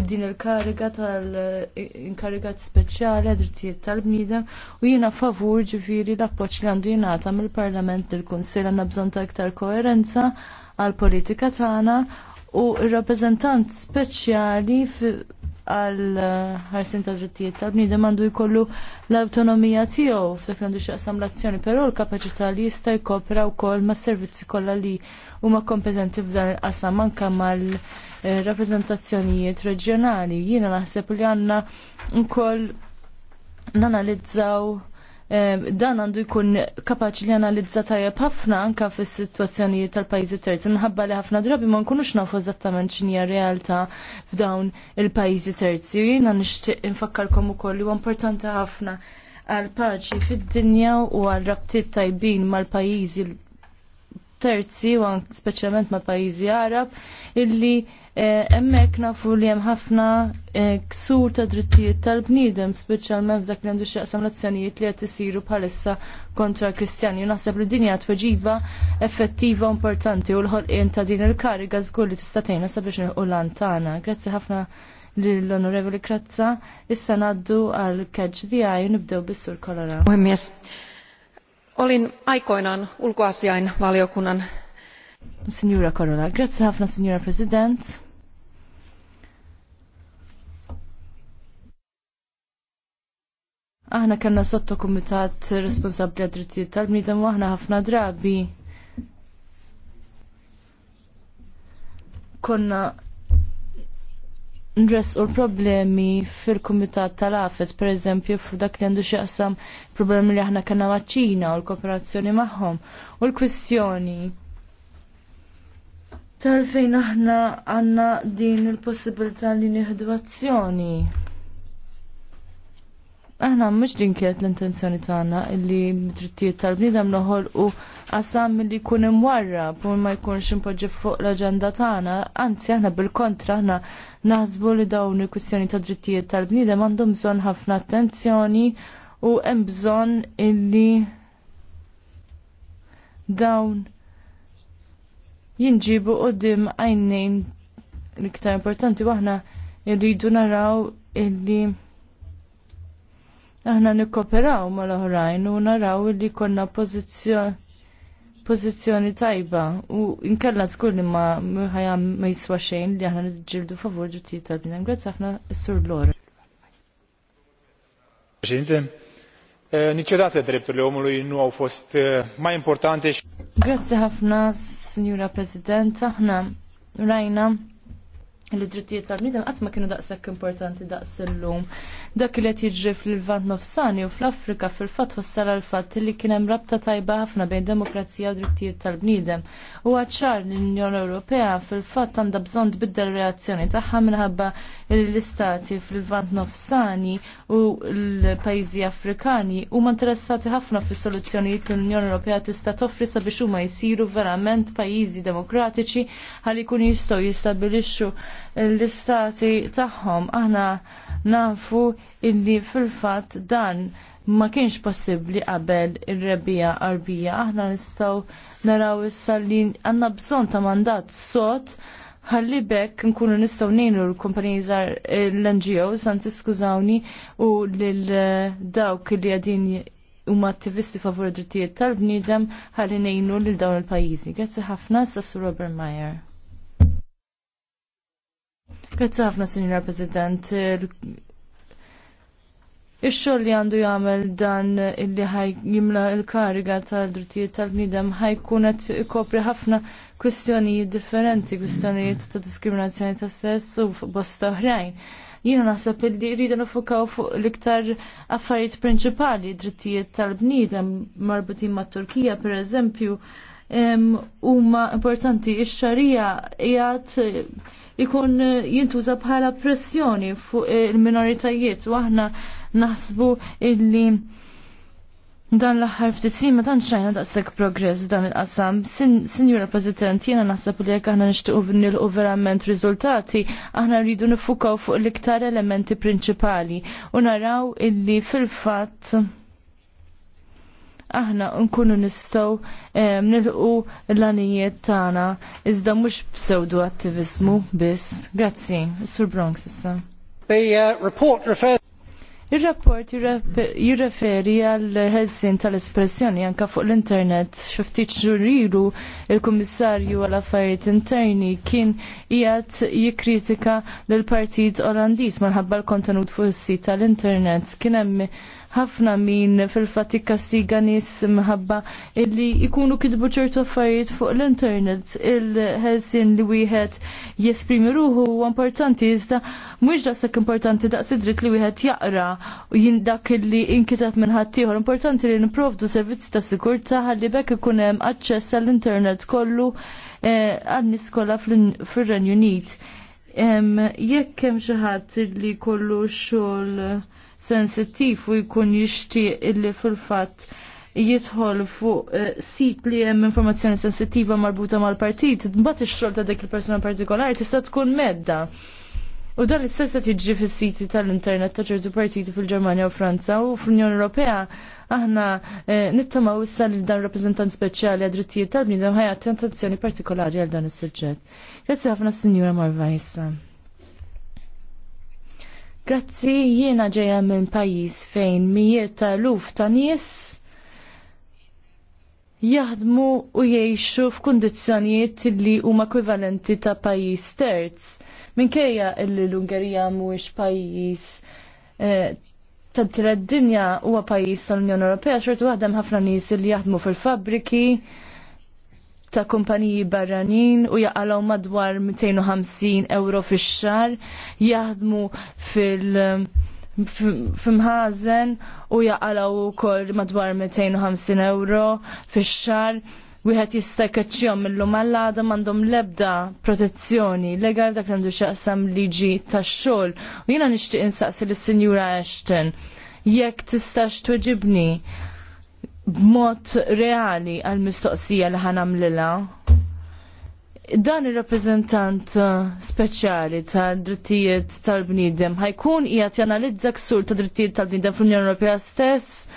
id-din il-kariga tal-inkarigat speċjali għad-drittijiet tal-bnidem u jina favur ġifiri l-appoċ li għandu jingħata mill-Parlament il-Kunsil għanna bżon ta' iktar koerenza għal politika tagħna u r-rappreżentant speċjali għal ħarsin ta' drittijiet tal-bniedem għandu jkollu l-autonomija tiegħu f'dak l-għandu xaqsam l-azzjoni, però l-kapaċità li jista' jkopra wkoll mas-servizzi kollha li huma kompetenti f'dan il-qasam anke mal-rappreżentazzjonijiet reġjonali. Jiena naħseb li għandna wkoll nanalizzaw Ehm, dan għandu jkun kapaċi li analizza tajjeb ħafna anka fis situazzjoni tal pajzi terzi. Nħabba li ħafna drabi ma nkunux nafu eżattament xinja realtà f'dawn il-pajjiżi terzi. U jiena nixtieq infakkarkom ukoll li huwa importanti ħafna għal paċi fid-dinja u għal rabtiet tajbin mal-pajjiżi terzi u speċjalment mal-pajjiżi Arab illi Eh, emmek nafu li hemm ħafna eh, ksur ta' drittijiet tal-bniedem, speċjalment f'dak li għandu xieqsam l-azzjonijiet li qed isiru bħalissa kontra l-Kristjani. Naħseb li dinja tweġiba effettiva importanti u l-ħolqien ta' din il-kariga żgur li tista' tgħinha sabiex l-antana. Grazzi ħafna l-Onorevoli Krazza, issa naddu għal Catch the Eye nibdew bis-sur kolora. Puhemies, olin aikoinaan ulkoasiain valiokunnan. Signora Korola, grazie ħafna, Signora President. Aħna kanna sotto kumitat responsabli għad-drittijiet tal-bnidem u aħna ħafna drabi konna nresqu l-problemi fil-Kumitat tal-Afet, per eżempju, f'dak li għandu xieqsam problemi li aħna kanna maċ-Ċina u l-kooperazzjoni magħhom. U l-kwistjoni tal-fejn aħna għanna din il-possibilità li nieħdu azzjoni aħna mhux din kienet l-intenzjoni tagħna illi drittijiet tal-bniedem noħolqu qasam milli jkun imwarra bur ma jkunx impoġġi fuq l-aġenda tagħna, anzi aħna bil-kontra aħna naħsbu li dawn il-kwistjoni ta' drittijiet tal-bniedem għandhom bżonn ħafna attenzjoni u hemm bżonn illi dawn jinġibu qudiem għajnejn l-iktar importanti waħna irridu naraw illi aħna nikkoperaw mal-oħrajn u naraw li konna pożizzjoni pozizjoni tajba u inkella skull li ma ma jiswa xejn li aħna nġildu favur drittijiet tal-bnedem. Grazzi aħna s-sur Lora. Presidente, eh, niciodată drepturile li nu għaw fost eh, ma importanti și... Grazzi ħafna, signora President, aħna rajna li drittijiet tal-bnidem għatma kienu daqsek importanti daqs l-lum dak li qed jiġri fil-Levant nofsani u fl-Afrika fil-fatt wassal għal fatt li kien hemm rabta tajba ħafna bejn demokrazija u drittijiet tal-bniedem. U ċar l-Unjoni Ewropea fil-fatt għandha bżonn tbiddel reazzjoni tagħha minħabba l-istati fil lvant nofsani u l-pajjiżi Afrikani huma interessati ħafna fis soluzzjonijiet l-Unjoni Ewropea tista' toffri sabiex huma jsiru verament pajjiżi demokratiċi ħalli jkunu jistgħu jistabilixxu l-istati tagħhom. Aħna nafu illi fil-fatt dan ma kienx possibbli qabel ir-rebija qarbija. Aħna nistgħu naraw issa li għandna bżonn ta' mandat sod ħalli bekk nkunu nistgħu ngħinu l-kumpaniji żgħar eh, l-NGOs san skużawni u lil eh, dawk li għadin huma attivisti favur drittijiet tal-bniedem ħalli nejnu lil dawn il-pajjiżi. Grazzi ħafna Sassu Robert Meyer. Grazzi ħafna, Sinjora President. Eh, Ix-xogħol li għandu jagħmel dan illi ħaj jimla l-kariga tal-drittijiet tal-bniedem ħajkun qed ikopri ħafna kwistjonijiet differenti, kwistjonijiet ta' diskriminazzjoni ta' sess u bosta oħrajn. Jiena naħseb li rridu nifukaw fuq l-iktar affarijiet prinċipali, drittijiet tal-bniedem marbutin ma' Turkija, per eżempju, huma importanti ix-xarija jgħat ikun jintuża bħala pressjoni fuq il-minoritajiet u aħna naħsbu illi Dan l-aħħar ftit snin ma tantx xajna daqshekk progress dan il-qasam. Sinjura President, jiena naħseb li jekk aħna nixtiequ nilqu verament riżultati, aħna rridu nifukaw fuq l-iktar elementi prinċipali u naraw illi fil-fatt aħna nkunu nistgħu ehm, nilqu l-anijiet tagħna iżda mhux pseudo attivizmu biss. Grazzi, Sur Bronx issa. The uh, report refers Il-rapport jirreferi għal ħelsin tal-espressjoni anka fuq l-internet. Xiftit ġurilu il-Kummissarju għal affarijiet interni kien jgħat jikritika l-Partit Olandiż marħabba l-kontenut fuq is-sit tal-internet. Kien hemm ħafna min fil fatika ikkassiga nis mħabba illi jkunu kidbu ċertu affarijiet fuq l-internet il-ħelsin li wieħed jesprimi ruħu huwa importanti iżda mhux daqshekk importanti daqs dritt li wieħed jaqra u jien dak illi inkitab minn ħaddieħor importanti li nipprovdu servizzi ta' sikurtà ħalli bekk ikun hemm aċċess għall-internet kollu eh, għan-nies kollha fir-Renju Unit jekk hemm xi ħadd li kollu xogħol sensittiv u jkun jixtieq illi fil-fatt jidħol fuq eh, sit li hemm informazzjoni sensittiva marbuta mal-partit, mbagħad ix-xogħol ta' dik il-persuna partikolari tista' tkun medda. U dan l-istess qed jiġri fis-siti tal-internet ta' ċertu partiti fil-Ġermanja u Franza u fl-Unjoni Ewropea aħna eh, nittamaw issa li dan rappreżentant speċjali għad-drittijiet tal-bniedem ħajat attenzjoni partikolari għal dan is-suġġett. Grazzi ħafna Sinjura Marvajsa. Grazzi, jiena ġeja minn pajjiż fejn mijiet ta' luf ta' nies jaħdmu u jgħixu f'kundizzjonijiet li huma ekwivalenti ta' pajjiż terz. Minkejja illi l-Ungerija mhuwiex pajjiż eh, tad-dinja huwa pajjiż tal-Unjoni Ewropea xorta waħdem ħafna nies li jaħdmu fil-fabbriki ta' kumpaniji barranin u jaqalaw madwar 250 euro fix-xar jaħdmu fil- fimħazen u jaqalaw kol madwar 250 euro fix-xar wieħed jista' jkaċċihom millu għall-għada m'għandhom l-ebda protezzjoni legal dak għandu x'aqsam liġi tax-xogħol. U jiena nixtieq insaqsi lis-Sinjura Ashton jekk tistax tuġibni b'mod reali għall mistoqsija li lila. Dan ir-rappreżentant uh, speċjali ta' drittijiet tal-bniedem ħajkun jgħat janalizza ksur ta' drittijiet tal-bniedem fl-Unjoni Ewropea stess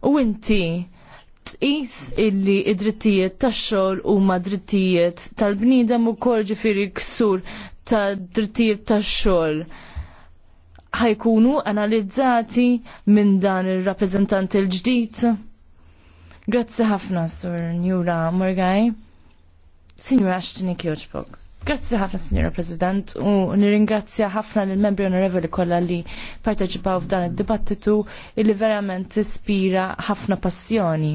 u inti tqis illi id-drittijiet tax-xogħol huma drittijiet tal-bniedem ukoll ġifieri ksur ta' drittijiet tax-xogħol ħajkunu analizzati minn dan ir rappreżentant il-ġdid. Grazzi ħafna, Sur Njura Morgaj. Signora Ashtini Kjoċbog. Grazzi ħafna, Signora President, u nirringrazzja ħafna l-membri onorevoli kollha li parteċipaw f'dan id-dibattitu illi verament ispira ħafna passjoni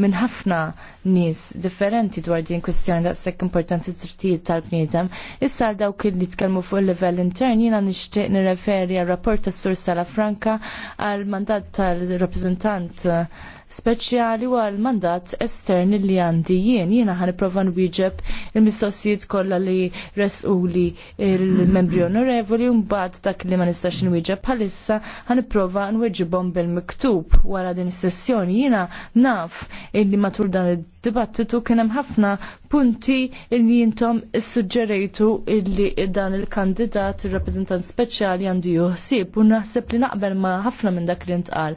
minn ħafna nies differenti dwar din kwestjoni daqshekk importanti trittijiet tal-bniedem. Issa għal dawk li tkellmu fuq il-livell intern jiena nixtieq nirreferi għal rapport tas-Sur Sala Franka għal mandat tal-rappreżentant speċjali u għal mandat estern li għandi jien. Jiena ħan iprova nwieġeb il-mistoqsijiet kollha li resquli il-membri onorevoli un mbagħad dak li ma nistax nwieġeb bħalissa ħan iprova nwieġibhom bil-miktub wara din is-sessjoni. Jiena naf illi matul dan id-dibattitu kien hemm ħafna punti li jintom suġġerejtu illi dan il-kandidat il-rappresentant speċjali għandu juħsib u naħseb li naqbel ma ħafna minn dak li ntqal.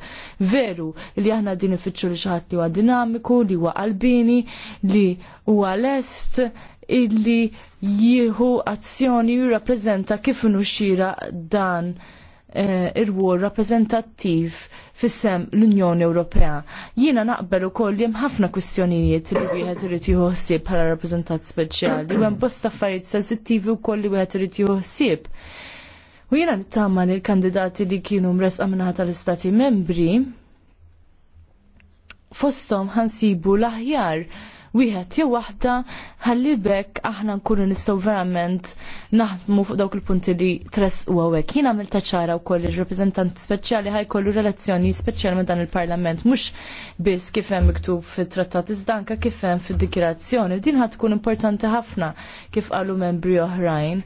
Veru li aħna din ifittxu li xaħat li huwa dinamiku, li huwa qalbini, li huwa lest illi jieħu azzjoni u rappreżenta kif nuxira dan eh, ir-wol rappreżentattiv fissem l-Unjoni Ewropea. Jiena naqbel ukoll li hemm ħafna kwistjonijiet li wieħed irid jieħu ħsieb bħala rappreżentant speċjali u hemm bosta affarijiet sensittivi wkoll li wieħed irid jieħu ħsieb. U jiena nittama lill kandidati li kienu mresqa minnaħa tal-Istati membri fostom ħansibu l-aħjar wieħed jew waħda ħalli bekk aħna nkunu nistgħu verament naħdmu fuq dawk il-punti li tress u hawnhekk. Jien għamil ċara wkoll ir-rappreżentant speċjali ħajkollu relazzjoni speċjali ma' dan il-Parlament mhux biss kif hemm miktub fit-trattat iżda anke kif hemm fid-dikjerazzjoni. Din ħad tkun importanti ħafna kif qalu membri oħrajn.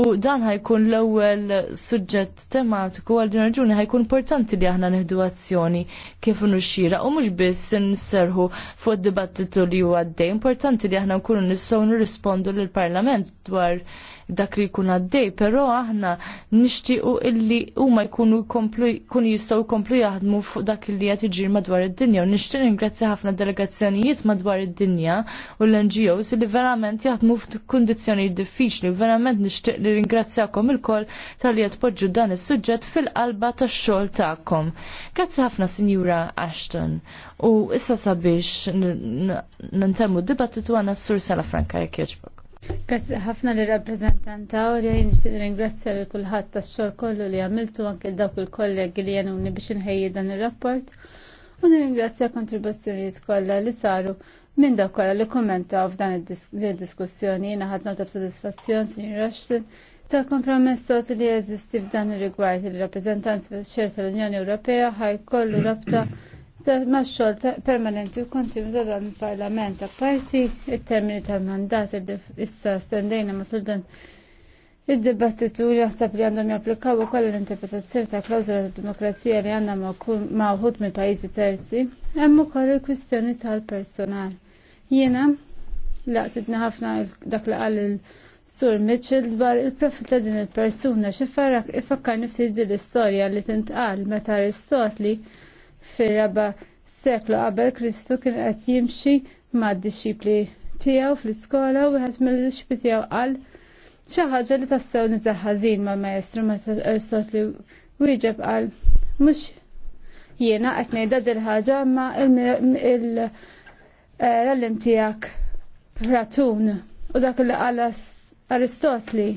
U dan ħajkun l-ewwel suġġett tematiku għal din raġuni ħajkun importanti li aħna neħdu azzjoni kif nuxxira u mhux biss nserħu fuq id-dibattitu li huwa għaddej. Importanti li aħna nkunu nistgħu nirrispondu lill-Parlament dwar dak li jkun għaddej, però aħna nixtiequ illi huma jkunu jkunu jistgħu jkomplu jaħdmu fuq dak li qed iġir madwar id-dinja u nixtieq ringrazzja ħafna delegazzjonijiet madwar id-dinja u l-NGOs li verament jaħdmu f'kundizzjonijiet diffiċli u verament nixtieq li ringrazzjakom il-kol tal-li jatpoġġu dan is-suġġett fil-qalba tax-xogħol tagħkom. Grazzi ħafna Sinjura Ashton. U issa sabiex nintemmu dibattitu għana s-sur Sala Franka jek jieġbu. Grazzi ħafna li rappresentantaw li li nixtieq ringrazzja lil kulħadd tax-xogħol kollu li għamiltu anke dawk il-kollegi li għanuni biex inħejji dan ir-rapport u nirringrazzja kontribuzzjonijiet kollha li saru minn dawk kollha li kummentaw f'dan id-diskussjoni jiena ħadd nota b'sodisfazzjon, Sinjur Rushton, ta' kompromessot li jeżisti f'dan ir-rigward il-rappreżentanti fil-xer tal-Unjoni Ewropea ħajkollu rabta ta' permanenti u kontinu ta' dan il-parlament. Apparti il-termini tal-mandat issa stendejna matul dan il-dibattitu li jaħseb li għandhom japplikaw u koll l-interpretazzjoni ta' klawzola ta' demokrazija li għandna uħut mill pajjiżi terzi, hemm ukoll il-kwistjoni tal-personal. Jiena laqtitni ħafna dak li qal il-Sur Mitchell dwar il-profil ta' din il-persuna xi farrak ifakkarni ftit l-istorja li tintqal meta Aristotli fir-raba seklu qabel Kristu kien qed jimxi mad-disċipli tiegħu fl-iskola u wieħed mill-disċipli tiegħu qal xi ħaġa li tassew niżaħ ħażin mal-Maestru meta Aristotli wieġeb qal mhux jiena qed ngħidha dil ħaġa imma l-allim eh, tiegħek Pratun u dak li qal Aristotli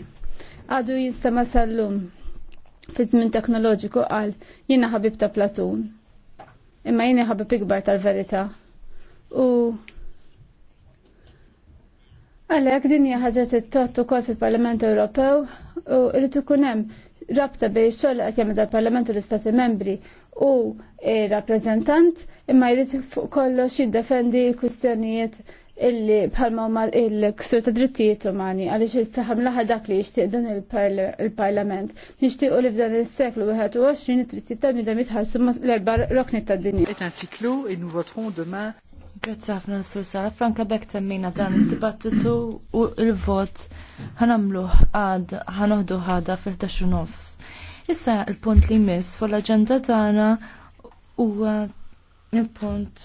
għadu jinstema sal-lum fi żmien teknoloġiku qal jiena ħabib ta' Platun imma jini ħabib ikbar tal-verita. U għalek din hija ħaġa tittott ukoll fil-Parlament Ewropew u irid ikun hemm rabta bejn xogħol qed jagħmel dal-Parlament u l-Istati Membri u rappreżentant imma jrid kollox jiddefendi l-kwistjonijiet illi bħalma huma il-ksur ta' drittijiet umani għaliex il-taħam laħa dak li jixtieq dan il-parlament. Nixtiequ li f'dan is-seklu 21 it-drittijiet tal-bnidem jitħarsu l-erba' rokni tad-dinja. Grazzi ħafna Sur Sara. Franka Beck temmina dan id-dibattitu u l-vot ħanamluħ għad ħanoħdu ħada fil-taxu nofs. Issa il-punt li jmiss fuq l aġenda tagħna huwa il-punt